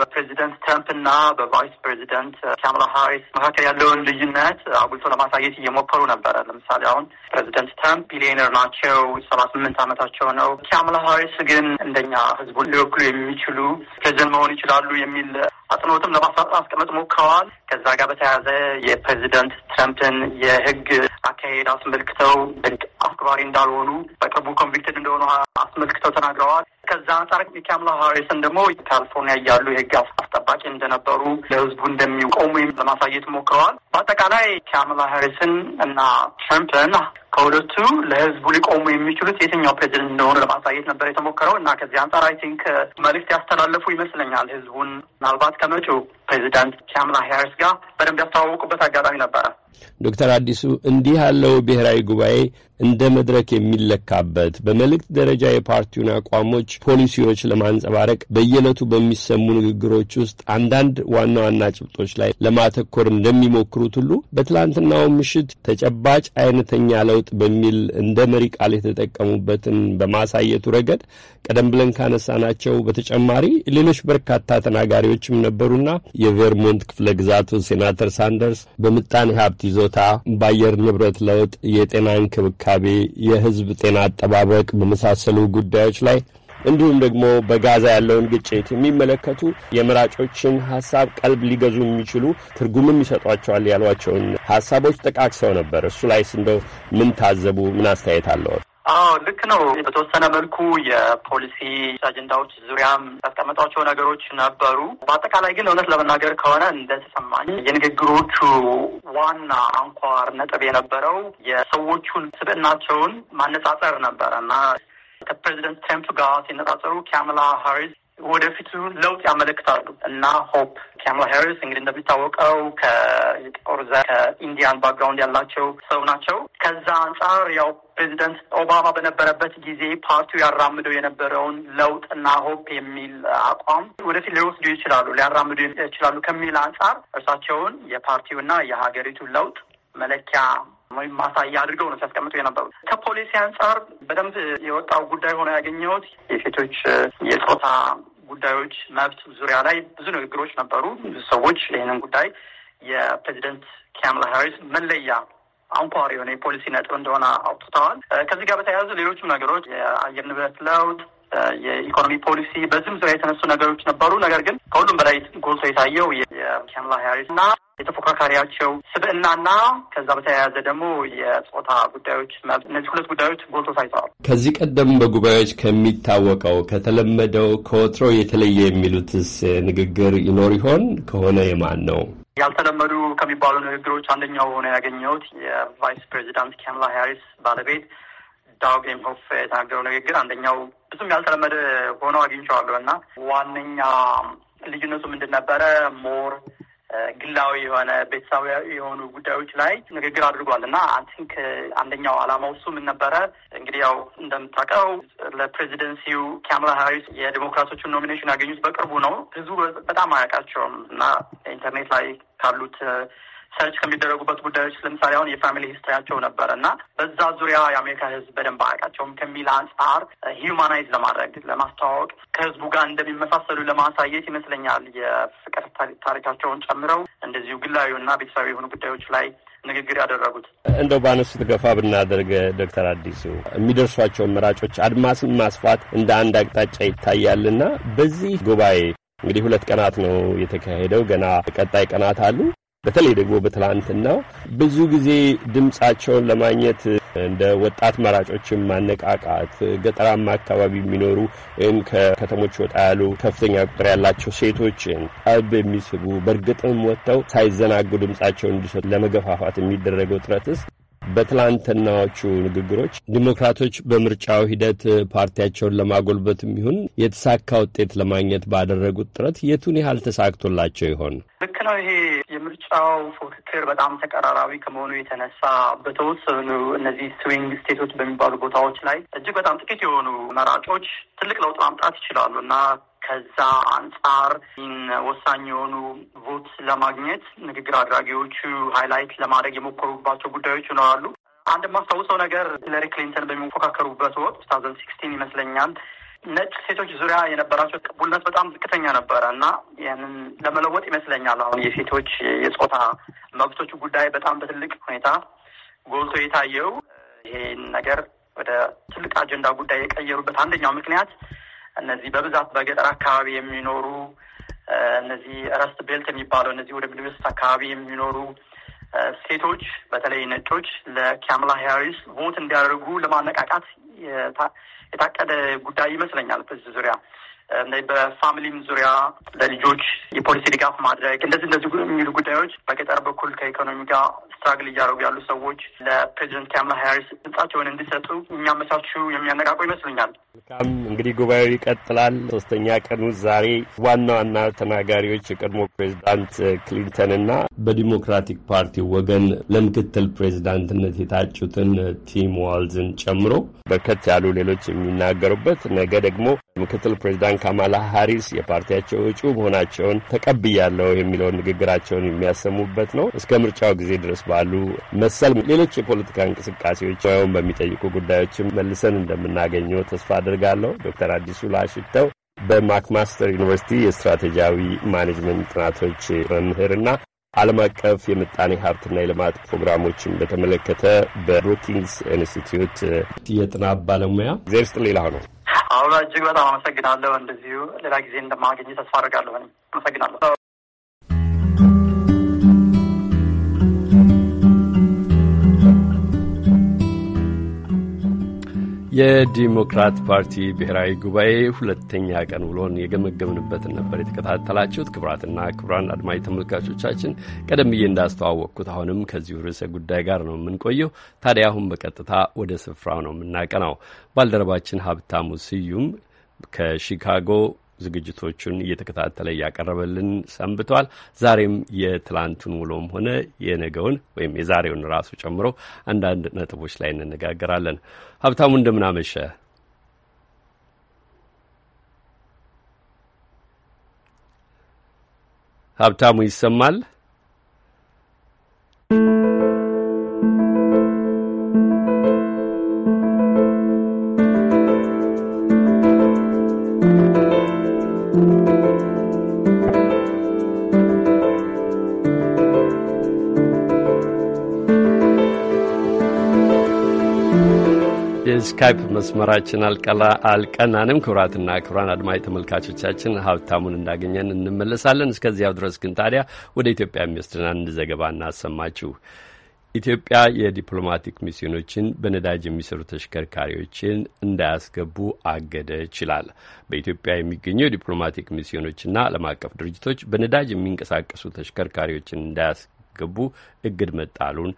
በፕሬዚደንት ትራምፕና በቫይስ ፕሬዚደንት ካምላ ሃሪስ መካከል ያለውን ልዩነት አጉልቶ ለማሳየት እየሞከሩ ነበረ። ለምሳሌ አሁን ፕሬዚደንት ትራምፕ ቢሊዮነር ናቸው፣ ሰባ ስምንት አመታቸው የሆነው። ካማላ ሀሪስ ግን እንደኛ ህዝቡን ሊወክሉ የሚችሉ ፕሬዚደንት መሆን ይችላሉ የሚል አጽንኦትም ለማስቀመጥ ሞክረዋል። ከዛ ጋር በተያያዘ የፕሬዚደንት ትረምፕን የህግ አካሄድ አስመልክተው ህግ አክባሪ እንዳልሆኑ በቅርቡ ኮንቪክትድ እንደሆኑ አስመልክተው ተናግረዋል። ከዛ አንጻር ካማላ ሃሪስን ደግሞ ካሊፎርኒያ እያሉ የህግ አስጠባቂ እንደነበሩ ለህዝቡ እንደሚቆሙ ለማሳየት ሞክረዋል። በአጠቃላይ ካማላ ሃሪስን እና ትራምፕን ከሁለቱ ለህዝቡ ሊቆሙ የሚችሉት የትኛው ፕሬዚደንት እንደሆኑ ለማሳየት ነበር የተሞከረው እና ከዚህ አንጻር አይ ቲንክ መልእክት ያስተላለፉ ይመስለኛል። ህዝቡን ምናልባት ከመጪው ፕሬዚዳንት ካማላ ሃሪስ ጋር በደንብ ያስተዋወቁበት አጋጣሚ ነበረ። ዶክተር አዲሱ እንዲህ ያለው ብሔራዊ ጉባኤ እንደ መድረክ የሚለካበት በመልእክት ደረጃ የፓርቲውን አቋሞች፣ ፖሊሲዎች ለማንጸባረቅ በየዕለቱ በሚሰሙ ንግግሮች ውስጥ አንዳንድ ዋና ዋና ጭብጦች ላይ ለማተኮር እንደሚሞክሩት ሁሉ በትላንትናው ምሽት ተጨባጭ አይነተኛ ለውጥ በሚል እንደ መሪ ቃል የተጠቀሙበትን በማሳየቱ ረገድ ቀደም ብለን ካነሳናቸው በተጨማሪ ሌሎች በርካታ ተናጋሪዎችም ነበሩና የቬርሞንት ክፍለ ግዛቱ ሴናተር ሳንደርስ በምጣኔ ሀብት ይዞታ፣ በአየር ንብረት ለውጥ፣ የጤና እንክብካቤ፣ የህዝብ ጤና አጠባበቅ በመሳሰሉ ጉዳዮች ላይ እንዲሁም ደግሞ በጋዛ ያለውን ግጭት የሚመለከቱ የመራጮችን ሀሳብ ቀልብ ሊገዙ የሚችሉ ትርጉምም ይሰጧቸዋል ያሏቸውን ሀሳቦች ጠቃቅሰው ነበር። እሱ ላይስ እንደው ምን ታዘቡ? ምን አስተያየት አለዎት? አዎ ልክ ነው። በተወሰነ መልኩ የፖሊሲ አጀንዳዎች ዙሪያም ያስቀመጧቸው ነገሮች ነበሩ። በአጠቃላይ ግን እውነት ለመናገር ከሆነ እንደተሰማኝ የንግግሮቹ ዋና አንኳር ነጥብ የነበረው የሰዎቹን ስብዕናቸውን ማነጻጸር ነበረ እና ከፕሬዚደንት ትራምፕ ጋር ሲነጻጸሩ ካማላ ሃሪስ ወደፊቱ ለውጥ ያመለክታሉ እና ሆፕ ካማላ ሃሪስ እንግዲህ እንደሚታወቀው ከጦር ዘ ከኢንዲያን ባክግራውንድ ያላቸው ሰው ናቸው። ከዛ አንጻር ያው ፕሬዚደንት ኦባማ በነበረበት ጊዜ ፓርቲው ያራምደው የነበረውን ለውጥ እና ሆፕ የሚል አቋም ወደፊት ሊወስዱ ይችላሉ፣ ሊያራምዱ ይችላሉ ከሚል አንጻር እርሳቸውን የፓርቲውና የሀገሪቱ ለውጥ መለኪያ ወይም ማሳያ አድርገው ነው ሲያስቀምጡ የነበሩት። ከፖሊሲ አንጻር በደንብ የወጣው ጉዳይ ሆነ ያገኘሁት የሴቶች የጾታ ጉዳዮች መብት ዙሪያ ላይ ብዙ ንግግሮች ነበሩ። ብዙ ሰዎች ይህንን ጉዳይ የፕሬዚደንት ካማላ ሃሪስ መለያ አንኳር የሆነ የፖሊሲ ነጥብ እንደሆነ አውጥተዋል። ከዚህ ጋር በተያያዙ ሌሎችም ነገሮች የአየር ንብረት ለውጥ የኢኮኖሚ ፖሊሲ በዚህም ዙሪያ የተነሱ ነገሮች ነበሩ። ነገር ግን ከሁሉም በላይ ጎልቶ የታየው የካማላ ሃሪስ እና የተፎካካሪያቸው ስብዕናና ከዛ በተያያዘ ደግሞ የጾታ ጉዳዮች እነዚህ ሁለት ጉዳዮች ጎልቶ ታይተዋል። ከዚህ ቀደም በጉባኤዎች ከሚታወቀው ከተለመደው ከወትሮ የተለየ የሚሉትስ ንግግር ይኖር ይሆን? ከሆነ የማን ነው? ያልተለመዱ ከሚባሉ ንግግሮች አንደኛው ሆነ ያገኘሁት የቫይስ ፕሬዚዳንት ካማላ ሃሪስ ባለቤት ዳግ ኢምሆፍ የተናገረው ንግግር አንደኛው ብዙም ያልተለመደ ሆነው አግኝቼዋለሁ እና ዋነኛ ልዩነቱ ምንድን ነበረ ሞር ግላዊ የሆነ ቤተሰብ የሆኑ ጉዳዮች ላይ ንግግር አድርጓል እና አይ ቲንክ አንደኛው አላማው እሱ ምን ነበረ እንግዲህ ያው እንደምታውቀው ለፕሬዚደንሲው ካማላ ሃሪስ የዲሞክራቶቹን ኖሚኔሽን ያገኙት በቅርቡ ነው። ህዝቡ በጣም አያውቃቸውም እና ኢንተርኔት ላይ ካሉት ሰርች ከሚደረጉበት ጉዳዮች ለምሳሌ አሁን የፋሚሊ ሂስትሪያቸው ነበረ እና በዛ ዙሪያ የአሜሪካ ሕዝብ በደንብ አያውቃቸውም ከሚል አንጻር ሂዩማናይዝ ለማድረግ ለማስተዋወቅ ከሕዝቡ ጋር እንደሚመሳሰሉ ለማሳየት ይመስለኛል የፍቅር ታሪካቸውን ጨምረው እንደዚሁ ግላዊ እና ቤተሰባዊ የሆኑ ጉዳዮች ላይ ንግግር ያደረጉት እንደው ባነሱት ገፋ ብናደርገ ዶክተር አዲሱ የሚደርሷቸውን መራጮች አድማስን ማስፋት እንደ አንድ አቅጣጫ ይታያልና በዚህ ጉባኤ እንግዲህ ሁለት ቀናት ነው የተካሄደው። ገና ቀጣይ ቀናት አሉ። በተለይ ደግሞ በትላንትናው ብዙ ጊዜ ድምፃቸውን ለማግኘት እንደ ወጣት መራጮችን ማነቃቃት ገጠራማ አካባቢ የሚኖሩ ወይም ከከተሞች ወጣ ያሉ ከፍተኛ ቁጥር ያላቸው ሴቶችን ቀልብ የሚስቡ በእርግጥም ወጥተው ሳይዘናጉ ድምፃቸውን እንዲሰጡ ለመገፋፋት የሚደረገው ጥረትስ በትላንትናዎቹ ንግግሮች ዲሞክራቶች በምርጫው ሂደት ፓርቲያቸውን ለማጎልበት የሚሆን የተሳካ ውጤት ለማግኘት ባደረጉት ጥረት የቱን ያህል ተሳክቶላቸው ይሆን? ልክ ነው። ይሄ የምርጫው ፉክክር በጣም ተቀራራቢ ከመሆኑ የተነሳ በተወሰኑ እነዚህ ስዊንግ ስቴቶች በሚባሉ ቦታዎች ላይ እጅግ በጣም ጥቂት የሆኑ መራጮች ትልቅ ለውጥ ማምጣት ይችላሉ እና ከዛ አንጻር ወሳኝ የሆኑ ቮት ለማግኘት ንግግር አድራጊዎቹ ሃይላይት ለማድረግ የሞከሩባቸው ጉዳዮች ይኖራሉ። አንድ የማስታውሰው ነገር ሂለሪ ክሊንተን በሚፎካከሩበት ወቅት ቱ ታውዘንድ ሲክስቲን ይመስለኛል ነጭ ሴቶች ዙሪያ የነበራቸው ቅቡልነት በጣም ዝቅተኛ ነበረ እና ያንን ለመለወጥ ይመስለኛል አሁን የሴቶች የጾታ መብቶች ጉዳይ በጣም በትልቅ ሁኔታ ጎልቶ የታየው ይሄን ነገር ወደ ትልቅ አጀንዳ ጉዳይ የቀየሩበት አንደኛው ምክንያት እነዚህ በብዛት በገጠር አካባቢ የሚኖሩ እነዚህ ረስት ቤልት የሚባለው እነዚህ ወደ ሚድል አካባቢ የሚኖሩ ሴቶች በተለይ ነጮች ለካምላ ሃሪስ ቮት እንዲያደርጉ ለማነቃቃት የታቀደ ጉዳይ ይመስለኛል በዚህ ዙሪያ እንደዚህ በፋሚሊም ዙሪያ ለልጆች የፖሊሲ ድጋፍ ማድረግ እንደዚህ እንደዚህ የሚሉ ጉዳዮች በገጠር በኩል ከኢኮኖሚ ጋር ስትራግል እያደረጉ ያሉ ሰዎች ለፕሬዚደንት ካምላ ሃሪስ ድምጻቸውን እንዲሰጡ የሚያመቻቹ የሚያነቃቁ ይመስለኛል። መልካም እንግዲህ ጉባኤው ይቀጥላል። ሶስተኛ ቀኑ ዛሬ ዋና ዋና ተናጋሪዎች የቀድሞ ፕሬዚዳንት ክሊንተንና በዲሞክራቲክ ፓርቲ ወገን ለምክትል ፕሬዚዳንትነት የታጩትን ቲም ዋልዝን ጨምሮ በርከት ያሉ ሌሎች የሚናገሩበት ነገ ደግሞ ምክትል ፕሬዚዳንት ካማላ ሀሪስ የፓርቲያቸው እጩ መሆናቸውን ተቀብያለሁ የሚለውን ንግግራቸውን የሚያሰሙበት ነው። እስከ ምርጫው ጊዜ ድረስ ባሉ መሰል ሌሎች የፖለቲካ እንቅስቃሴዎች ወይም በሚጠይቁ ጉዳዮችም መልሰን እንደምናገኘው ተስፋ አድርጋለሁ። ዶክተር አዲሱ ላሽተው በማክማስተር ዩኒቨርሲቲ የስትራቴጂያዊ ማኔጅመንት ጥናቶች መምህርና ዓለም አቀፍ የምጣኔ ሀብትና የልማት ፕሮግራሞችን በተመለከተ በብሩኪንግስ ኢንስቲትዩት የጥናት ባለሙያ ዜርስጥ ሌላ ነው። አሁን እጅግ በጣም አመሰግናለሁ። እንደዚሁ ሌላ ጊዜ እንደማገኝ ተስፋ አድርጋለሁ። አመሰግናለሁ። የዲሞክራት ፓርቲ ብሔራዊ ጉባኤ ሁለተኛ ቀን ውሎን የገመገምንበትን ነበር የተከታተላችሁት። ክቡራትና ክቡራን አድማጭ ተመልካቾቻችን ቀደም ብዬ እንዳስተዋወቅኩት አሁንም ከዚሁ ርዕሰ ጉዳይ ጋር ነው የምንቆየው። ታዲያ አሁን በቀጥታ ወደ ስፍራው ነው የምናቀናው። ባልደረባችን ሀብታሙ ስዩም ከሺካጎ ዝግጅቶቹን እየተከታተለ እያቀረበልን ሰንብቷል። ዛሬም የትላንቱን ውሎም ሆነ የነገውን ወይም የዛሬውን ራሱ ጨምሮ አንዳንድ ነጥቦች ላይ እንነጋገራለን። ሀብታሙ እንደምናመሸ ሀብታሙ ይሰማል። የስካይፕ መስመራችን አልቀናንም። ክቡራትና ክቡራን አድማጭ ተመልካቾቻችን ሀብታሙን እንዳገኘን እንመለሳለን። እስከዚያው ድረስ ግን ታዲያ ወደ ኢትዮጵያ የሚወስድን አንድ ዘገባ እናሰማችሁ። ኢትዮጵያ የዲፕሎማቲክ ሚስዮኖችን በነዳጅ የሚሰሩ ተሽከርካሪዎችን እንዳያስገቡ አገደ ችላል በኢትዮጵያ የሚገኙ የዲፕሎማቲክ ሚስዮኖችና ዓለም አቀፍ ድርጅቶች በነዳጅ የሚንቀሳቀሱ ተሽከርካሪዎችን እንዳያስገቡ እግድ መጣሉን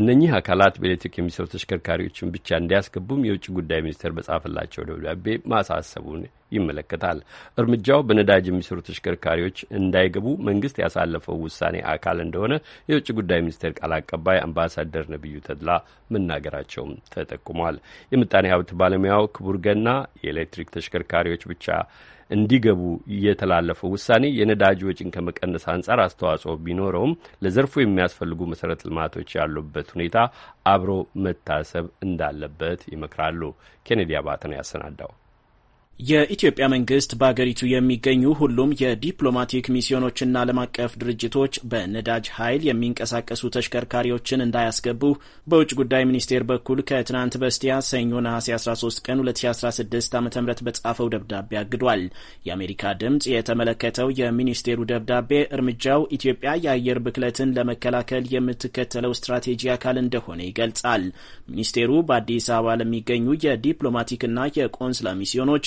እነኚህ አካላት በኤሌክትሪክ የሚሰሩ ተሽከርካሪዎችን ብቻ እንዲያስገቡም የውጭ ጉዳይ ሚኒስቴር በጻፈላቸው ደብዳቤ ማሳሰቡን ይመለከታል። እርምጃው በነዳጅ የሚሰሩ ተሽከርካሪዎች እንዳይገቡ መንግስት ያሳለፈው ውሳኔ አካል እንደሆነ የውጭ ጉዳይ ሚኒስቴር ቃል አቀባይ አምባሳደር ነቢዩ ተድላ መናገራቸውም ተጠቁሟል። የምጣኔ ሀብት ባለሙያው ክቡር ገና የኤሌክትሪክ ተሽከርካሪዎች ብቻ እንዲገቡ የተላለፈው ውሳኔ የነዳጅ ወጪን ከመቀነስ አንጻር አስተዋጽኦ ቢኖረውም ለዘርፉ የሚያስፈልጉ መሰረተ ልማቶች ያሉበት ሁኔታ አብሮ መታሰብ እንዳለበት ይመክራሉ። ኬኔዲ አባተ ነው ያሰናዳው። የኢትዮጵያ መንግስት በአገሪቱ የሚገኙ ሁሉም የዲፕሎማቲክ ሚስዮኖችና ዓለም አቀፍ ድርጅቶች በነዳጅ ኃይል የሚንቀሳቀሱ ተሽከርካሪዎችን እንዳያስገቡ በውጭ ጉዳይ ሚኒስቴር በኩል ከትናንት በስቲያ ሰኞ ነሐሴ 13 ቀን 2016 ዓ ም በጻፈው ደብዳቤ አግዷል። የአሜሪካ ድምፅ የተመለከተው የሚኒስቴሩ ደብዳቤ እርምጃው ኢትዮጵያ የአየር ብክለትን ለመከላከል የምትከተለው ስትራቴጂ አካል እንደሆነ ይገልጻል። ሚኒስቴሩ በአዲስ አበባ ለሚገኙ የዲፕሎማቲክና የቆንስላ ሚስዮኖች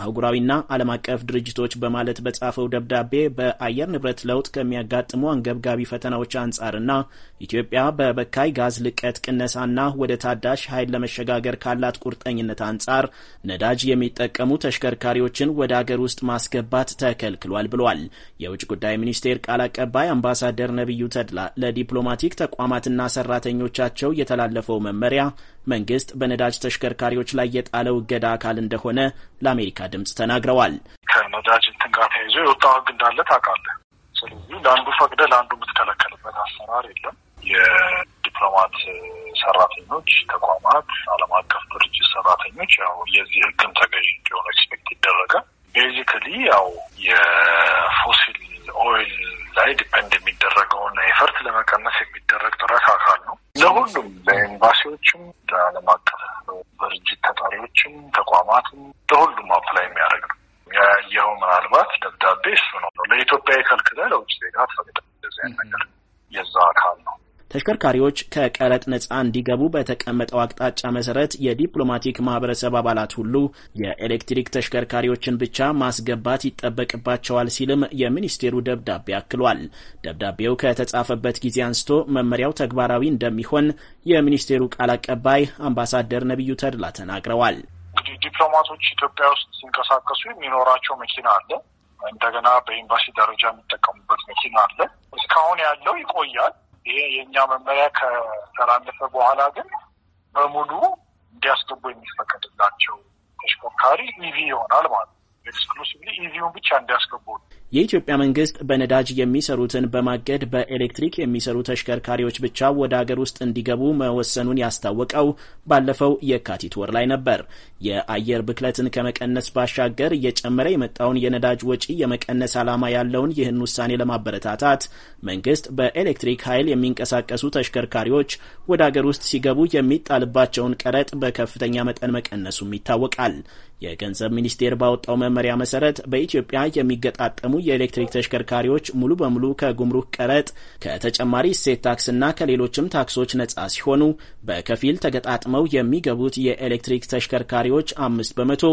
አህጉራዊና ዓለም አቀፍ ድርጅቶች በማለት በጻፈው ደብዳቤ በአየር ንብረት ለውጥ ከሚያጋጥሙ አንገብጋቢ ፈተናዎች አንጻርና ኢትዮጵያ በበካይ ጋዝ ልቀት ቅነሳና ወደ ታዳሽ ኃይል ለመሸጋገር ካላት ቁርጠኝነት አንጻር ነዳጅ የሚጠቀሙ ተሽከርካሪዎችን ወደ አገር ውስጥ ማስገባት ተከልክሏል ብሏል። የውጭ ጉዳይ ሚኒስቴር ቃል አቀባይ አምባሳደር ነቢዩ ተድላ ለዲፕሎማቲክ ተቋማትና ሰራተኞቻቸው የተላለፈው መመሪያ መንግስት በነዳጅ ተሽከርካሪዎች ላይ የጣለው እገዳ አካል እንደሆነ ለአሜሪካ ድምፅ ተናግረዋል። ከነዳጅ እንትን ጋር ተያይዞ የወጣ ህግ እንዳለ ታውቃለህ። ስለዚህ ለአንዱ ፈቅደ ለአንዱ የምትከለከልበት አሰራር የለም። የዲፕሎማት ሰራተኞች፣ ተቋማት፣ ዓለም አቀፍ ድርጅት ሰራተኞች ያው የዚህ ህግም ተገዥ እንዲሆኑ ኤክስፔክት ይደረጋል። ቤዚካሊ ያው የፎሲል ኦይል ላይ ዲፐንድ የሚደረገውን ኤፈርት ለመቀነስ የሚደረግ ጥረት አካል ነው። ለሁሉም ለኤምባሲዎችም፣ ለዓለም አቀፍ ያለው ድርጅት ተጠሪዎችም ተቋማትም ለሁሉም አፕላይ የሚያደርግ ነው። ያየኸው ምናልባት ደብዳቤ እሱ ነው። ለኢትዮጵያ የከልክለ ለውጭ ዜጋ ፈቅደ እንደዚህ ነገር የዛ አካል ነው። ተሽከርካሪዎች ከቀረጥ ነፃ እንዲገቡ በተቀመጠው አቅጣጫ መሰረት የዲፕሎማቲክ ማህበረሰብ አባላት ሁሉ የኤሌክትሪክ ተሽከርካሪዎችን ብቻ ማስገባት ይጠበቅባቸዋል ሲልም የሚኒስቴሩ ደብዳቤ አክሏል። ደብዳቤው ከተጻፈበት ጊዜ አንስቶ መመሪያው ተግባራዊ እንደሚሆን የሚኒስቴሩ ቃል አቀባይ አምባሳደር ነቢዩ ተድላ ተናግረዋል። እንግዲህ ዲፕሎማቶች ኢትዮጵያ ውስጥ ሲንቀሳቀሱ የሚኖራቸው መኪና አለ። እንደገና በኤምባሲ ደረጃ የሚጠቀሙበት መኪና አለ። እስካሁን ያለው ይቆያል። ይሄ የእኛ መመሪያ ከተላለፈ በኋላ ግን በሙሉ እንዲያስገቡ የሚፈቀድላቸው ተሽከርካሪ ኢቪ ይሆናል ማለት ነው። ኤክስክሉሲቭሊ ኢቪውን ብቻ እንዲያስገቡ የኢትዮጵያ መንግስት በነዳጅ የሚሰሩትን በማገድ በኤሌክትሪክ የሚሰሩ ተሽከርካሪዎች ብቻ ወደ አገር ውስጥ እንዲገቡ መወሰኑን ያስታወቀው ባለፈው የካቲት ወር ላይ ነበር። የአየር ብክለትን ከመቀነስ ባሻገር እየጨመረ የመጣውን የነዳጅ ወጪ የመቀነስ ዓላማ ያለውን ይህን ውሳኔ ለማበረታታት መንግስት በኤሌክትሪክ ኃይል የሚንቀሳቀሱ ተሽከርካሪዎች ወደ አገር ውስጥ ሲገቡ የሚጣልባቸውን ቀረጥ በከፍተኛ መጠን መቀነሱም ይታወቃል። የገንዘብ ሚኒስቴር ባወጣው መመሪያ መሰረት በኢትዮጵያ የሚገጣጠሙ የኤሌክትሪክ ተሽከርካሪዎች ሙሉ በሙሉ ከጉምሩክ ቀረጥ፣ ከተጨማሪ እሴት ታክስና ከሌሎችም ታክሶች ነጻ ሲሆኑ በከፊል ተገጣጥመው የሚገቡት የኤሌክትሪክ ተሽከርካሪዎች አምስት በመቶ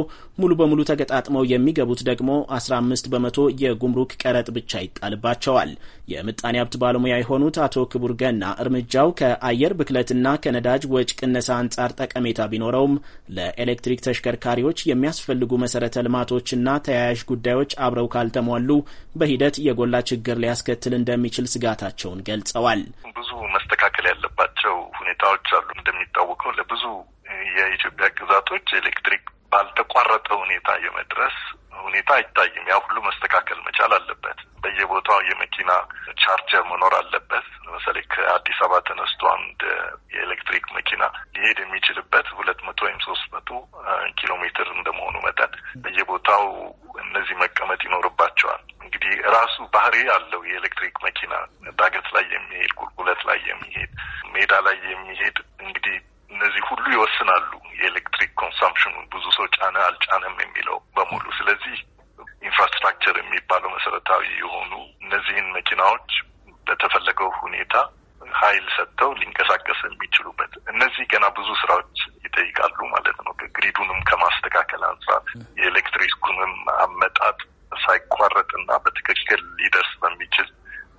ሙሉ በሙሉ ተገጣጥመው የሚገቡት ደግሞ 15 በመቶ የጉምሩክ ቀረጥ ብቻ ይጣልባቸዋል። የምጣኔ ሀብት ባለሙያ የሆኑት አቶ ክቡር ገና እርምጃው ከአየር ብክለትና ከነዳጅ ወጭ ቅነሳ አንጻር ጠቀሜታ ቢኖረውም ለኤሌክትሪክ ተሽከርካሪዎች የሚያስፈልጉ መሰረተ ልማቶችና ተያያዥ ጉዳዮች አብረው ካልተሟሉ በሂደት የጎላ ችግር ሊያስከትል እንደሚችል ስጋታቸውን ገልጸዋል። ብዙ መስተካከል ያለባቸው ሁኔታዎች አሉ። እንደሚታወቀው ለብዙ የኢትዮጵያ ግዛቶች ኤሌክትሪክ ባልተቋረጠ ሁኔታ የመድረስ ሁኔታ አይታይም። ያ ሁሉ መስተካከል መቻል አለበት። በየቦታው የመኪና ቻርጀር መኖር አለበት። ለምሳሌ ከአዲስ አበባ ተነስቶ አንድ የኤሌክትሪክ መኪና ሊሄድ የሚችልበት ሁለት መቶ ወይም ሶስት መቶ ኪሎ ሜትር እንደመሆኑ መጠን በየቦታው እነዚህ መቀመጥ ይኖርባቸዋል። እንግዲህ ራሱ ባህሪ አለው የኤሌክትሪክ መኪና ዳገት ላይ የሚሄድ ቁልቁለት ላይ የሚሄድ ሜዳ ላይ የሚሄድ እንግዲህ እነዚህ ሁሉ ይወስናሉ። የኤሌክትሪክ ኮንሳምፕሽኑ ብዙ ሰው ጫነ አልጫነም የሚለው በሙሉ ስለዚህ ኢንፍራስትራክቸር የሚባለው መሰረታዊ የሆኑ እነዚህን መኪናዎች በተፈለገው ሁኔታ ኃይል ሰጥተው ሊንቀሳቀስ የሚችሉበት እነዚህ ገና ብዙ ስራዎች ይጠይቃሉ ማለት ነው። ግሪዱንም ከማስተካከል አንጻር የኤሌክትሪኩንም አመጣጥ ሳይቋረጥና በትክክል ሊደርስ በሚችል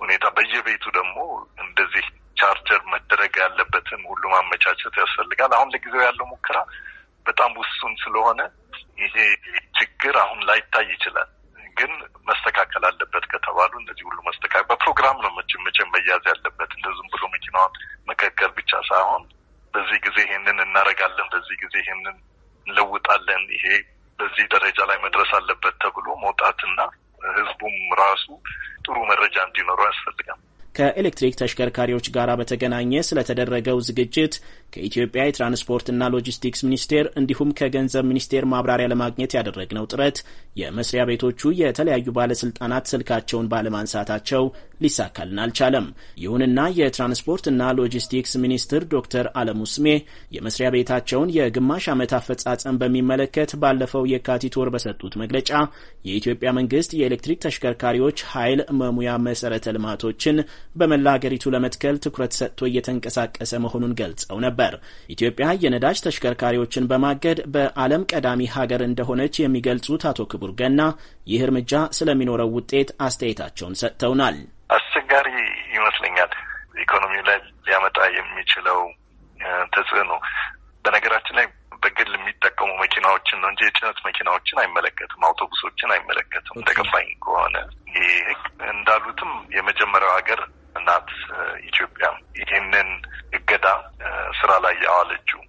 ሁኔታ በየቤቱ ደግሞ እንደዚህ ቻርተር መደረግ ያለበትን ሁሉ ማመቻቸት ያስፈልጋል። አሁን ለጊዜው ያለው ሙከራ በጣም ውሱን ስለሆነ ይሄ ችግር አሁን ላይታይ ይችላል። ግን መስተካከል አለበት ከተባሉ እነዚህ ሁሉ መስተካከል በፕሮግራም ነው መቼም መቼም መያዝ ያለበት እንደ ዝም ብሎ መኪናዋን መከከል ብቻ ሳይሆን በዚህ ጊዜ ይሄንን እናደርጋለን፣ በዚህ ጊዜ ይሄንን እንለውጣለን፣ ይሄ በዚህ ደረጃ ላይ መድረስ አለበት ተብሎ መውጣትና ህዝቡም ራሱ ጥሩ መረጃ እንዲኖረው ያስፈልጋል። ከኤሌክትሪክ ተሽከርካሪዎች ጋር በተገናኘ ስለተደረገው ዝግጅት ከኢትዮጵያ የትራንስፖርትና ሎጂስቲክስ ሚኒስቴር እንዲሁም ከገንዘብ ሚኒስቴር ማብራሪያ ለማግኘት ያደረግነው ጥረት የመስሪያ ቤቶቹ የተለያዩ ባለስልጣናት ስልካቸውን ባለማንሳታቸው ሊሳካልን አልቻለም። ይሁንና የትራንስፖርትና ሎጂስቲክስ ሚኒስትር ዶክተር አለሙ ስሜ የመስሪያ ቤታቸውን የግማሽ ዓመት አፈጻጸም በሚመለከት ባለፈው የካቲት ወር በሰጡት መግለጫ የኢትዮጵያ መንግስት የኤሌክትሪክ ተሽከርካሪዎች ኃይል መሙያ መሰረተ ልማቶችን በመላ ሀገሪቱ ለመትከል ትኩረት ሰጥቶ እየተንቀሳቀሰ መሆኑን ገልጸው ነበር። ኢትዮጵያ የነዳጅ ተሽከርካሪዎችን በማገድ በዓለም ቀዳሚ ሀገር እንደሆነች የሚገልጹት አቶ ክቡር ገና ይህ እርምጃ ስለሚኖረው ውጤት አስተያየታቸውን ሰጥተውናል። አስቸጋሪ ይመስለኛል ኢኮኖሚ ላይ ሊያመጣ የሚችለው ተጽዕኖ። በነገራችን ላይ በግል የሚጠቀሙ መኪናዎችን ነው እንጂ የጭነት መኪናዎችን አይመለከትም፣ አውቶቡሶችን አይመለከትም። እንደገባኝ ከሆነ ይህ ህግ እንዳሉትም የመጀመሪያው ሀገር እናት uh, ኢትዮጵያ ይህንን እገዳ uh, ስራ ላይ ያዋለችው።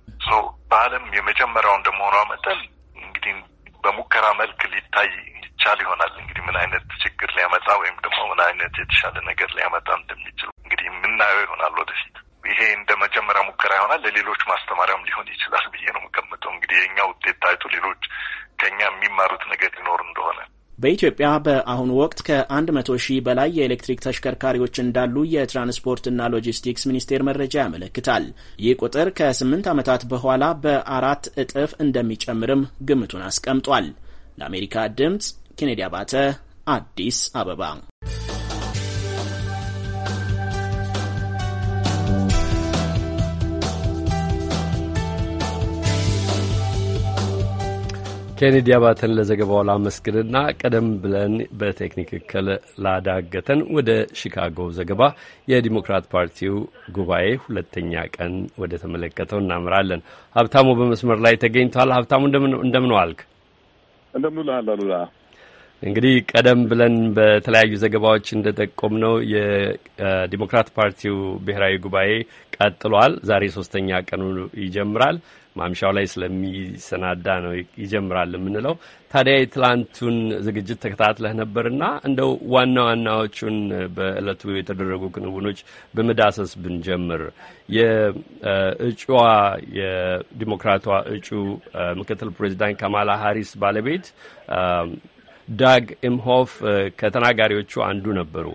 በዓለም የመጀመሪያው እንደመሆኗ መጠን እንግዲህ በሙከራ መልክ ሊታይ ይቻል ይሆናል። እንግዲህ ምን አይነት ችግር ሊያመጣ ወይም ደግሞ ምን አይነት የተሻለ ነገር ሊያመጣ እንደሚችሉ እንግዲህ የምናየው ይሆናል ወደፊት። ይሄ እንደ መጀመሪያ ሙከራ ይሆናል። ለሌሎች ማስተማሪያም ሊሆን ይችላል ብዬ ነው የምገምተው። እንግዲህ የኛ ውጤት ታይቶ ሌሎች ከኛ የሚማሩት ነገር ሊኖር እንደሆነ በኢትዮጵያ በአሁኑ ወቅት ከ100 ሺህ በላይ የኤሌክትሪክ ተሽከርካሪዎች እንዳሉ የትራንስፖርትና ሎጂስቲክስ ሚኒስቴር መረጃ ያመለክታል። ይህ ቁጥር ከ8 ዓመታት በኋላ በአራት እጥፍ እንደሚጨምርም ግምቱን አስቀምጧል። ለአሜሪካ ድምፅ ኬኔዲ አባተ አዲስ አበባ ኬኔዲ አባተን ለዘገባው ላመስግንና ቀደም ብለን በቴክኒክ እክል ላዳገተን ወደ ሺካጎ ዘገባ የዲሞክራት ፓርቲው ጉባኤ ሁለተኛ ቀን ወደ ተመለከተው እናምራለን። ሀብታሙ በመስመር ላይ ተገኝቷል። ሀብታሙ እንደምን ዋልክ? እንደምንላል አሉላ እንግዲህ ቀደም ብለን በተለያዩ ዘገባዎች እንደጠቆም ነው የዲሞክራት ፓርቲው ብሔራዊ ጉባኤ ቀጥሏል። ዛሬ ሶስተኛ ቀኑ ይጀምራል። ማምሻው ላይ ስለሚሰናዳ ነው ይጀምራል የምንለው። ታዲያ የትላንቱን ዝግጅት ተከታትለህ ነበርና እንደው ዋና ዋናዎቹን በእለቱ የተደረጉ ክንውኖች በመዳሰስ ብንጀምር የእጩዋ የዲሞክራቷ እጩ ምክትል ፕሬዚዳንት ካማላ ሀሪስ ባለቤት ዳግ ኢምሆፍ ከተናጋሪዎቹ አንዱ ነበሩ።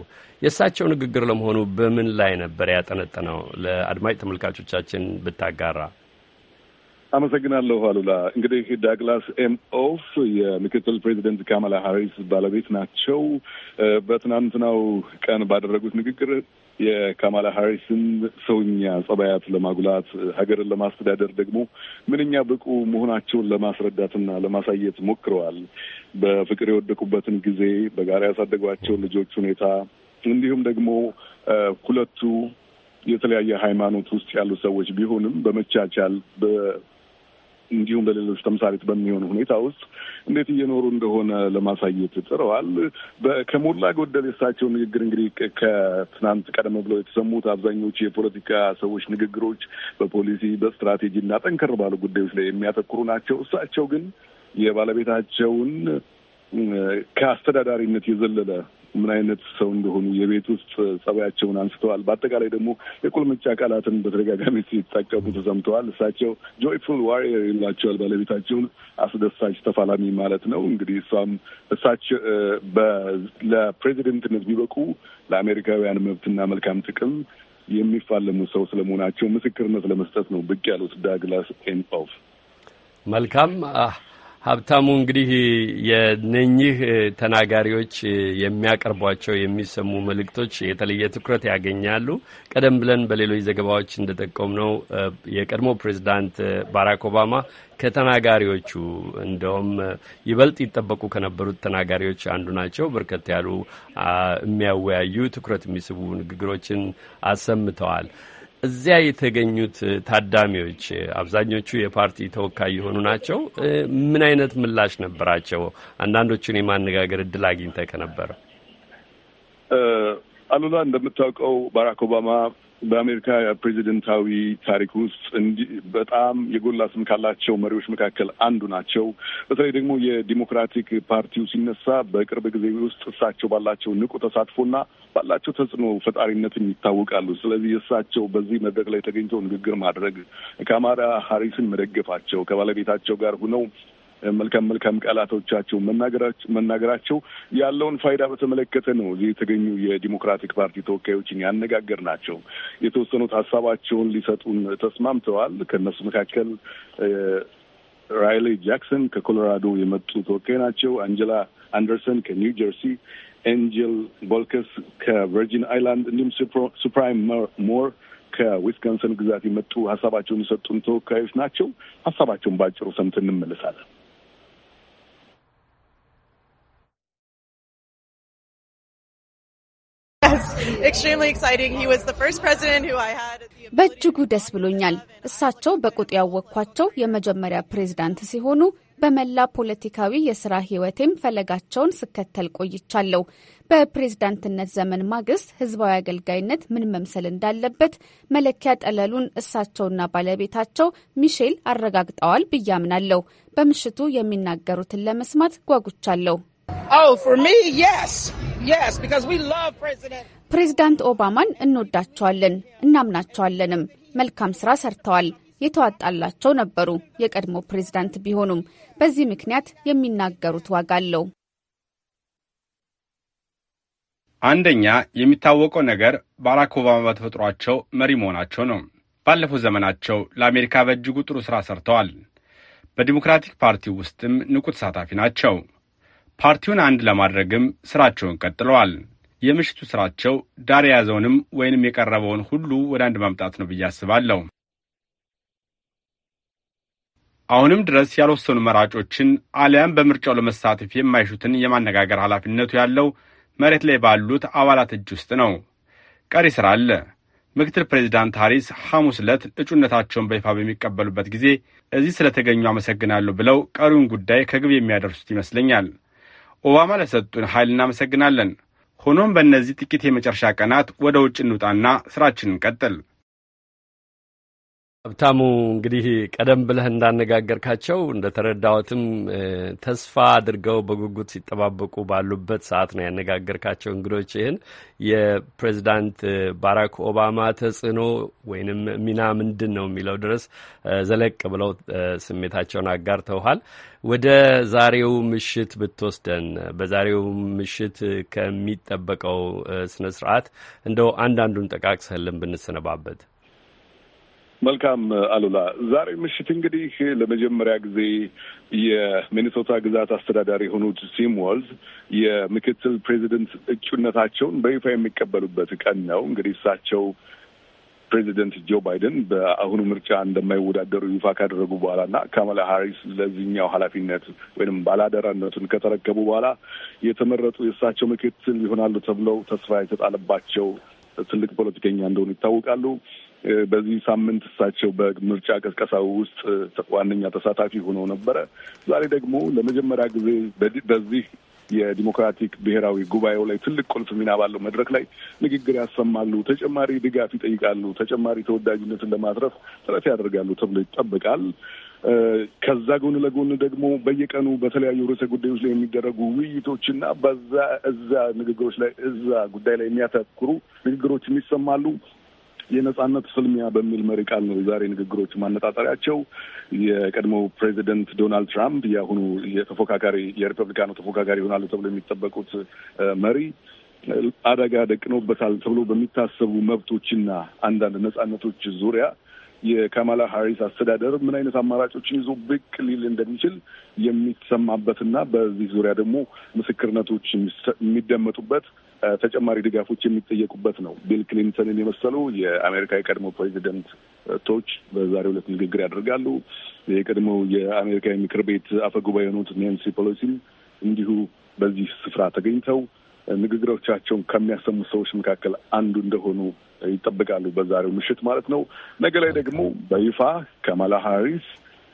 የእሳቸው ንግግር ለመሆኑ በምን ላይ ነበር ያጠነጠነው? ለአድማጭ ተመልካቾቻችን ብታጋራ። አመሰግናለሁ አሉላ። እንግዲህ ዳግላስ ኤም ኦፍ የምክትል ፕሬዚደንት ካማላ ሀሪስ ባለቤት ናቸው። በትናንትናው ቀን ባደረጉት ንግግር የካማላ ሀሪስን ሰውኛ ጸባያት ለማጉላት ሀገርን ለማስተዳደር ደግሞ ምንኛ ብቁ መሆናቸውን ለማስረዳትና ለማሳየት ሞክረዋል። በፍቅር የወደቁበትን ጊዜ፣ በጋራ ያሳደጓቸውን ልጆች ሁኔታ እንዲሁም ደግሞ ሁለቱ የተለያየ ሃይማኖት ውስጥ ያሉ ሰዎች ቢሆንም በመቻቻል እንዲሁም በሌሎች ተምሳሌት በሚሆን ሁኔታ ውስጥ እንዴት እየኖሩ እንደሆነ ለማሳየት ጥረዋል። ከሞላ ጎደል የሳቸው ንግግር እንግዲህ ከትናንት ቀደም ብለው የተሰሙት አብዛኞቹ የፖለቲካ ሰዎች ንግግሮች በፖሊሲ በስትራቴጂ እና ጠንከር ባሉ ጉዳዮች ላይ የሚያተኩሩ ናቸው። እሳቸው ግን የባለቤታቸውን ከአስተዳዳሪነት የዘለለ ምን አይነት ሰው እንደሆኑ የቤት ውስጥ ጸባያቸውን አንስተዋል። በአጠቃላይ ደግሞ የቁልምጫ ቃላትን በተደጋጋሚ ሲጠቀሙ ተሰምተዋል። እሳቸው ጆይፉል ዋሪየር ይሏቸዋል ባለቤታቸውን፣ አስደሳች ተፋላሚ ማለት ነው። እንግዲህ እሷም እሳቸው ለፕሬዚደንትነት ቢበቁ ለአሜሪካውያን መብትና መልካም ጥቅም የሚፋለሙ ሰው ስለመሆናቸው ምስክርነት ለመስጠት ነው ብቅ ያሉት ዳግላስ ኤንፓውፍ መልካም ሀብታሙ እንግዲህ የነኚህ ተናጋሪዎች የሚያቀርቧቸው የሚሰሙ መልእክቶች የተለየ ትኩረት ያገኛሉ። ቀደም ብለን በሌሎች ዘገባዎች ነው የቀድሞ ፕሬዚዳንት ባራክ ኦባማ ከተናጋሪዎቹ እንደውም ይበልጥ ይጠበቁ ከነበሩት ተናጋሪዎች አንዱ ናቸው። በርከት ያሉ የሚያወያዩ ትኩረት የሚስቡ ንግግሮችን አሰምተዋል። እዚያ የተገኙት ታዳሚዎች አብዛኞቹ የፓርቲ ተወካይ የሆኑ ናቸው። ምን አይነት ምላሽ ነበራቸው? አንዳንዶቹን የማነጋገር እድል አግኝተ ከነበረ አሉላ፣ እንደምታውቀው ባራክ ኦባማ በአሜሪካ ፕሬዚደንታዊ ታሪክ ውስጥ እንዲህ በጣም የጎላ ስም ካላቸው መሪዎች መካከል አንዱ ናቸው። በተለይ ደግሞ የዲሞክራቲክ ፓርቲው ሲነሳ በቅርብ ጊዜ ውስጥ እሳቸው ባላቸው ንቁ ተሳትፎና ባላቸው ተጽዕኖ ፈጣሪነትም ይታወቃሉ። ስለዚህ እሳቸው በዚህ መድረክ ላይ ተገኝተው ንግግር ማድረግ፣ ካማላ ሀሪስን መደገፋቸው፣ ከባለቤታቸው ጋር ሁነው መልካም መልካም ቃላቶቻቸው መናገራቸው ያለውን ፋይዳ በተመለከተ ነው። እዚህ የተገኙ የዲሞክራቲክ ፓርቲ ተወካዮችን ያነጋገር ናቸው። የተወሰኑት ሀሳባቸውን ሊሰጡን ተስማምተዋል። ከእነሱ መካከል ራይሊ ጃክሰን ከኮሎራዶ የመጡ ተወካይ ናቸው። አንጀላ አንደርሰን ከኒው ጀርሲ፣ ኤንጀል ቦልከስ ከቨርጂን አይላንድ እንዲሁም ሱፕራይም ሞር ከዊስኮንሰን ግዛት የመጡ ሀሳባቸውን የሰጡን ተወካዮች ናቸው። ሀሳባቸውን በአጭሩ ሰምተን እንመለሳለን። በእጅጉ ደስ ብሎኛል። እሳቸው በቁጥ ያወቅኳቸው የመጀመሪያ ፕሬዝዳንት ሲሆኑ በመላ ፖለቲካዊ የስራ ህይወቴም ፈለጋቸውን ስከተል ቆይቻለሁ። በፕሬዝዳንትነት ዘመን ማግስት ህዝባዊ አገልጋይነት ምን መምሰል እንዳለበት መለኪያ ጠለሉን እሳቸውና ባለቤታቸው ሚሼል አረጋግጠዋል ብዬ አምናለሁ። በምሽቱ የሚናገሩትን ለመስማት ጓጉቻለሁ። oh, ፕሬዚዳንት ኦባማን እንወዳቸዋለን፣ እናምናቸዋለንም። መልካም ስራ ሰርተዋል። የተዋጣላቸው ነበሩ የቀድሞ ፕሬዚዳንት ቢሆኑም፣ በዚህ ምክንያት የሚናገሩት ዋጋ አለው። አንደኛ የሚታወቀው ነገር ባራክ ኦባማ በተፈጥሯቸው መሪ መሆናቸው ነው። ባለፈው ዘመናቸው ለአሜሪካ በእጅጉ ጥሩ ሥራ ሰርተዋል። በዲሞክራቲክ ፓርቲ ውስጥም ንቁ ተሳታፊ ናቸው። ፓርቲውን አንድ ለማድረግም ስራቸውን ቀጥለዋል። የምሽቱ ስራቸው ዳር የያዘውንም ወይንም የቀረበውን ሁሉ ወደ አንድ ማምጣት ነው ብዬ አስባለሁ። አሁንም ድረስ ያልወሰኑ መራጮችን አሊያም በምርጫው ለመሳተፍ የማይሹትን የማነጋገር ኃላፊነቱ ያለው መሬት ላይ ባሉት አባላት እጅ ውስጥ ነው። ቀሪ ስራ አለ። ምክትል ፕሬዚዳንት ሐሪስ ሐሙስ ዕለት እጩነታቸውን በይፋ በሚቀበሉበት ጊዜ እዚህ ስለተገኙ አመሰግናለሁ ብለው ቀሪውን ጉዳይ ከግብ የሚያደርሱት ይመስለኛል። ኦባማ ለሰጡን ኃይል እናመሰግናለን። ሆኖም በእነዚህ ጥቂት የመጨረሻ ቀናት ወደ ውጭ እንውጣና ስራችንን ቀጥል። ሀብታሙ እንግዲህ ቀደም ብለህ እንዳነጋገርካቸው እንደተረዳሁትም ተስፋ አድርገው በጉጉት ሲጠባበቁ ባሉበት ሰዓት ነው ያነጋገርካቸው እንግዶች። ይህን የፕሬዚዳንት ባራክ ኦባማ ተጽዕኖ ወይንም ሚና ምንድን ነው የሚለው ድረስ ዘለቅ ብለው ስሜታቸውን አጋርተውሃል። ወደ ዛሬው ምሽት ብትወስደን በዛሬው ምሽት ከሚጠበቀው ስነ ስርዓት እንደው አንዳንዱን ጠቃቅሰህልን ብንሰነባበት። መልካም አሉላ። ዛሬ ምሽት እንግዲህ ለመጀመሪያ ጊዜ የሚኒሶታ ግዛት አስተዳዳሪ የሆኑት ሲም ወልዝ የምክትል ፕሬዚደንት እጩነታቸውን በይፋ የሚቀበሉበት ቀን ነው። እንግዲህ እሳቸው ፕሬዚደንት ጆ ባይደን በአሁኑ ምርጫ እንደማይወዳደሩ ይፋ ካደረጉ በኋላ እና ካማላ ሀሪስ ለዚህኛው ኃላፊነት ወይም ባላደራነቱን ከተረከቡ በኋላ የተመረጡ የእሳቸው ምክትል ይሆናሉ ተብለው ተስፋ የተጣለባቸው ትልቅ ፖለቲከኛ እንደሆኑ ይታወቃሉ። በዚህ ሳምንት እሳቸው በምርጫ ቀስቀሳው ውስጥ ዋነኛ ተሳታፊ ሆነው ነበረ። ዛሬ ደግሞ ለመጀመሪያ ጊዜ በዚህ የዲሞክራቲክ ብሔራዊ ጉባኤው ላይ ትልቅ ቁልፍ ሚና ባለው መድረክ ላይ ንግግር ያሰማሉ፣ ተጨማሪ ድጋፍ ይጠይቃሉ፣ ተጨማሪ ተወዳጅነትን ለማትረፍ ጥረት ያደርጋሉ ተብሎ ይጠበቃል። ከዛ ጎን ለጎን ደግሞ በየቀኑ በተለያዩ ርዕሰ ጉዳዮች ላይ የሚደረጉ ውይይቶችና በዛ እዛ ንግግሮች ላይ እዛ ጉዳይ ላይ የሚያተኩሩ ንግግሮች ይሰማሉ። የነጻነት ፍልሚያ በሚል መሪ ቃል ነው የዛሬ ንግግሮች ማነጣጠሪያቸው። የቀድሞው ፕሬዚደንት ዶናልድ ትራምፕ የአሁኑ የተፎካካሪ የሪፐብሊካኑ ተፎካካሪ ይሆናሉ ተብሎ የሚጠበቁት መሪ አደጋ ደቅኖበታል ተብሎ በሚታሰቡ መብቶችና አንዳንድ ነጻነቶች ዙሪያ የካማላ ሀሪስ አስተዳደር ምን አይነት አማራጮችን ይዞ ብቅ ሊል እንደሚችል የሚሰማበትና በዚህ ዙሪያ ደግሞ ምስክርነቶች የሚደመጡበት ተጨማሪ ድጋፎች የሚጠየቁበት ነው። ቢል ክሊንተንን የመሰሉ የአሜሪካ የቀድሞ ቶች በዛሬው ዕለት ንግግር ያደርጋሉ። የቀድሞው የአሜሪካ የምክር ቤት አፈጉባኤ የሆኑት ኔንሲ ፖሎሲም እንዲሁ በዚህ ስፍራ ተገኝተው ንግግሮቻቸውን ከሚያሰሙ ሰዎች መካከል አንዱ እንደሆኑ ይጠብቃሉ በዛሬው ምሽት ማለት ነው። ነገ ላይ ደግሞ በይፋ ከማላ ሀሪስ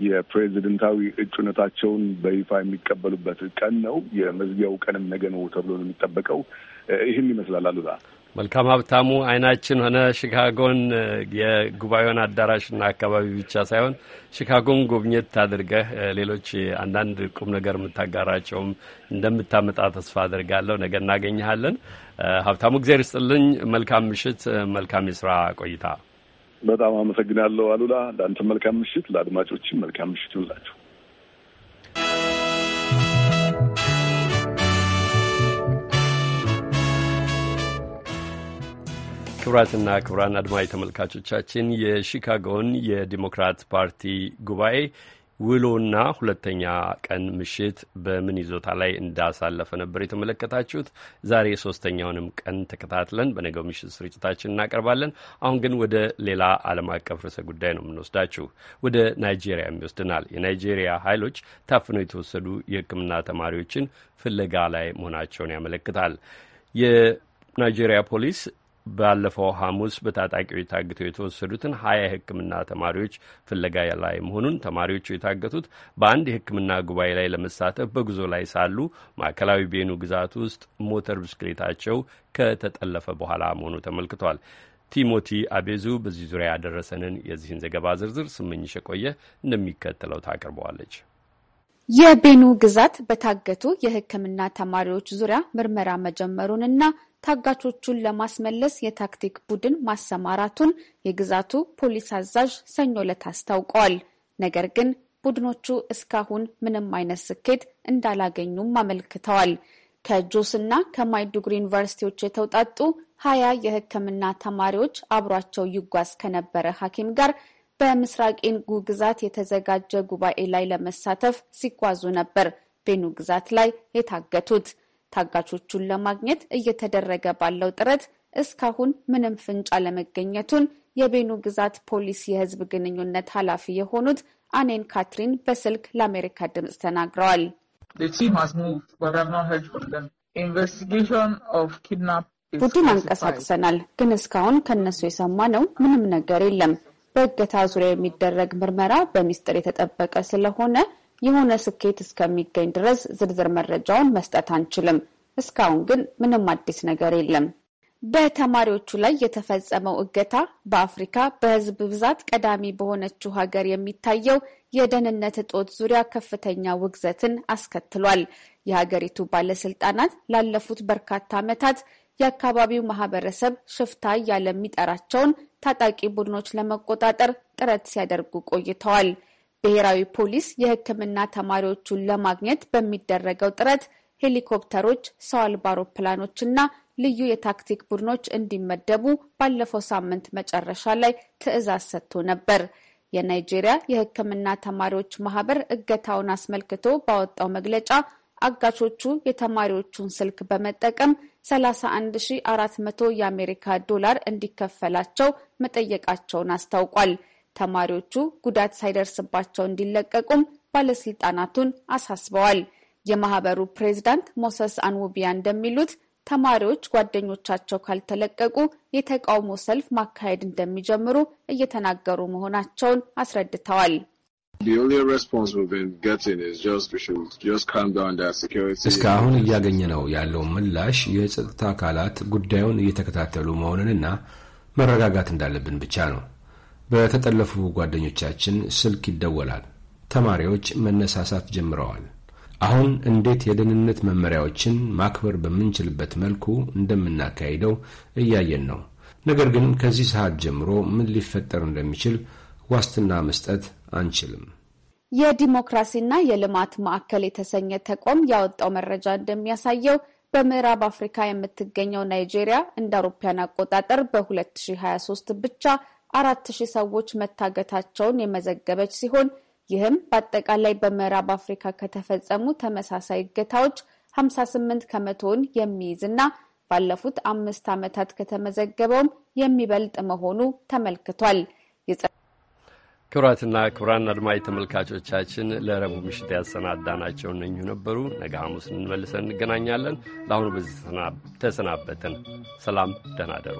የፕሬዚደንታዊ እጩነታቸውን በይፋ የሚቀበሉበት ቀን ነው። የመዝጊያው ቀንም ነገ ነው ተብሎ ነው የሚጠበቀው። ይህን ይመስላል አሉላ። መልካም ሀብታሙ፣ አይናችን ሆነ ሺካጎን የጉባኤውን አዳራሽና አካባቢ ብቻ ሳይሆን ሺካጎን ጎብኘት አድርገህ ሌሎች አንዳንድ ቁም ነገር የምታጋራቸውም እንደምታመጣ ተስፋ አድርጋለሁ። ነገ እናገኘሃለን። ሀብታሙ እግዜር ይስጥልኝ። መልካም ምሽት፣ መልካም የስራ ቆይታ። በጣም አመሰግናለሁ አሉላ። ለአንተ መልካም ምሽት፣ ለአድማጮችም መልካም ምሽት ይውላችሁ። ክቡራትና ክቡራን አድማጭ ተመልካቾቻችን የሺካጎን የዲሞክራት ፓርቲ ጉባኤ ውሎና ሁለተኛ ቀን ምሽት በምን ይዞታ ላይ እንዳሳለፈ ነበር የተመለከታችሁት። ዛሬ ሶስተኛውንም ቀን ተከታትለን በነገው ምሽት ስርጭታችን እናቀርባለን። አሁን ግን ወደ ሌላ ዓለም አቀፍ ርዕሰ ጉዳይ ነው የምንወስዳችሁ። ወደ ናይጄሪያ ይወስድናል። የናይጄሪያ ኃይሎች ታፍነው የተወሰዱ የሕክምና ተማሪዎችን ፍለጋ ላይ መሆናቸውን ያመለክታል። ናይጄሪያ ፖሊስ ባለፈው ሐሙስ በታጣቂዎች ታግተው የተወሰዱትን ሀያ የሕክምና ተማሪዎች ፍለጋ ላይ መሆኑን ተማሪዎቹ የታገቱት በአንድ የሕክምና ጉባኤ ላይ ለመሳተፍ በጉዞ ላይ ሳሉ ማዕከላዊ ቤኑ ግዛት ውስጥ ሞተር ብስክሌታቸው ከተጠለፈ በኋላ መሆኑ ተመልክቷል። ቲሞቲ አቤዙ በዚህ ዙሪያ ያደረሰንን የዚህን ዘገባ ዝርዝር ስምኝሽ የቆየ እንደሚከተለው ታቀርበዋለች። የቤኑ ግዛት በታገቱ የሕክምና ተማሪዎች ዙሪያ ምርመራ መጀመሩንና ታጋቾቹን ለማስመለስ የታክቲክ ቡድን ማሰማራቱን የግዛቱ ፖሊስ አዛዥ ሰኞ ዕለት አስታውቀዋል። ነገር ግን ቡድኖቹ እስካሁን ምንም አይነት ስኬት እንዳላገኙም አመልክተዋል። ከጆስ እና ከማይዱጉሪ ዩኒቨርሲቲዎች የተውጣጡ ሀያ የሕክምና ተማሪዎች አብሯቸው ይጓዝ ከነበረ ሐኪም ጋር በምስራቅ ኢንጉ ግዛት የተዘጋጀ ጉባኤ ላይ ለመሳተፍ ሲጓዙ ነበር ቤኑ ግዛት ላይ የታገቱት። ታጋቾቹን ለማግኘት እየተደረገ ባለው ጥረት እስካሁን ምንም ፍንጭ አለመገኘቱን የቤኑ ግዛት ፖሊስ የህዝብ ግንኙነት ኃላፊ የሆኑት አኔን ካትሪን በስልክ ለአሜሪካ ድምፅ ተናግረዋል። ቡድን አንቀሳቅሰናል፣ ግን እስካሁን ከነሱ የሰማነው ምንም ነገር የለም። በእገታ ዙሪያ የሚደረግ ምርመራ በሚስጥር የተጠበቀ ስለሆነ የሆነ ስኬት እስከሚገኝ ድረስ ዝርዝር መረጃውን መስጠት አንችልም። እስካሁን ግን ምንም አዲስ ነገር የለም። በተማሪዎቹ ላይ የተፈጸመው እገታ በአፍሪካ በሕዝብ ብዛት ቀዳሚ በሆነችው ሀገር የሚታየው የደህንነት እጦት ዙሪያ ከፍተኛ ውግዘትን አስከትሏል። የሀገሪቱ ባለስልጣናት ላለፉት በርካታ ዓመታት የአካባቢው ማህበረሰብ ሽፍታ እያለ የሚጠራቸውን ታጣቂ ቡድኖች ለመቆጣጠር ጥረት ሲያደርጉ ቆይተዋል። ብሔራዊ ፖሊስ የሕክምና ተማሪዎቹን ለማግኘት በሚደረገው ጥረት ሄሊኮፕተሮች፣ ሰው አልባ አውሮፕላኖች እና ልዩ የታክቲክ ቡድኖች እንዲመደቡ ባለፈው ሳምንት መጨረሻ ላይ ትዕዛዝ ሰጥቶ ነበር። የናይጄሪያ የሕክምና ተማሪዎች ማህበር እገታውን አስመልክቶ ባወጣው መግለጫ አጋቾቹ የተማሪዎቹን ስልክ በመጠቀም 31400 የአሜሪካ ዶላር እንዲከፈላቸው መጠየቃቸውን አስታውቋል። ተማሪዎቹ ጉዳት ሳይደርስባቸው እንዲለቀቁም ባለስልጣናቱን አሳስበዋል። የማህበሩ ፕሬዝዳንት ሞሰስ አንውቢያ እንደሚሉት ተማሪዎች ጓደኞቻቸው ካልተለቀቁ የተቃውሞ ሰልፍ ማካሄድ እንደሚጀምሩ እየተናገሩ መሆናቸውን አስረድተዋል። እስካሁን እያገኘ ነው ያለው ምላሽ የጸጥታ አካላት ጉዳዩን እየተከታተሉ መሆኑንና መረጋጋት እንዳለብን ብቻ ነው። በተጠለፉ ጓደኞቻችን ስልክ ይደወላል። ተማሪዎች መነሳሳት ጀምረዋል። አሁን እንዴት የደህንነት መመሪያዎችን ማክበር በምንችልበት መልኩ እንደምናካሂደው እያየን ነው። ነገር ግን ከዚህ ሰዓት ጀምሮ ምን ሊፈጠር እንደሚችል ዋስትና መስጠት አንችልም። የዲሞክራሲና የልማት ማዕከል የተሰኘ ተቋም ያወጣው መረጃ እንደሚያሳየው በምዕራብ አፍሪካ የምትገኘው ናይጄሪያ እንደ አውሮፓያን አቆጣጠር በ2023 ብቻ አራት ሺህ ሰዎች መታገታቸውን የመዘገበች ሲሆን ይህም በአጠቃላይ በምዕራብ አፍሪካ ከተፈጸሙ ተመሳሳይ እገታዎች 58 ከመቶውን የሚይዝና ባለፉት አምስት ዓመታት ከተመዘገበውም የሚበልጥ መሆኑ ተመልክቷል። ክብራትና ክብራን አድማጭ ተመልካቾቻችን ለረቡዕ ምሽት ያሰናዳናቸው እነኚሁ ነበሩ። ነገ ሐሙስ እንመልሰን እንገናኛለን። ለአሁኑ በዚህ ተሰናበትን። ሰላም፣ ደህና ደሩ።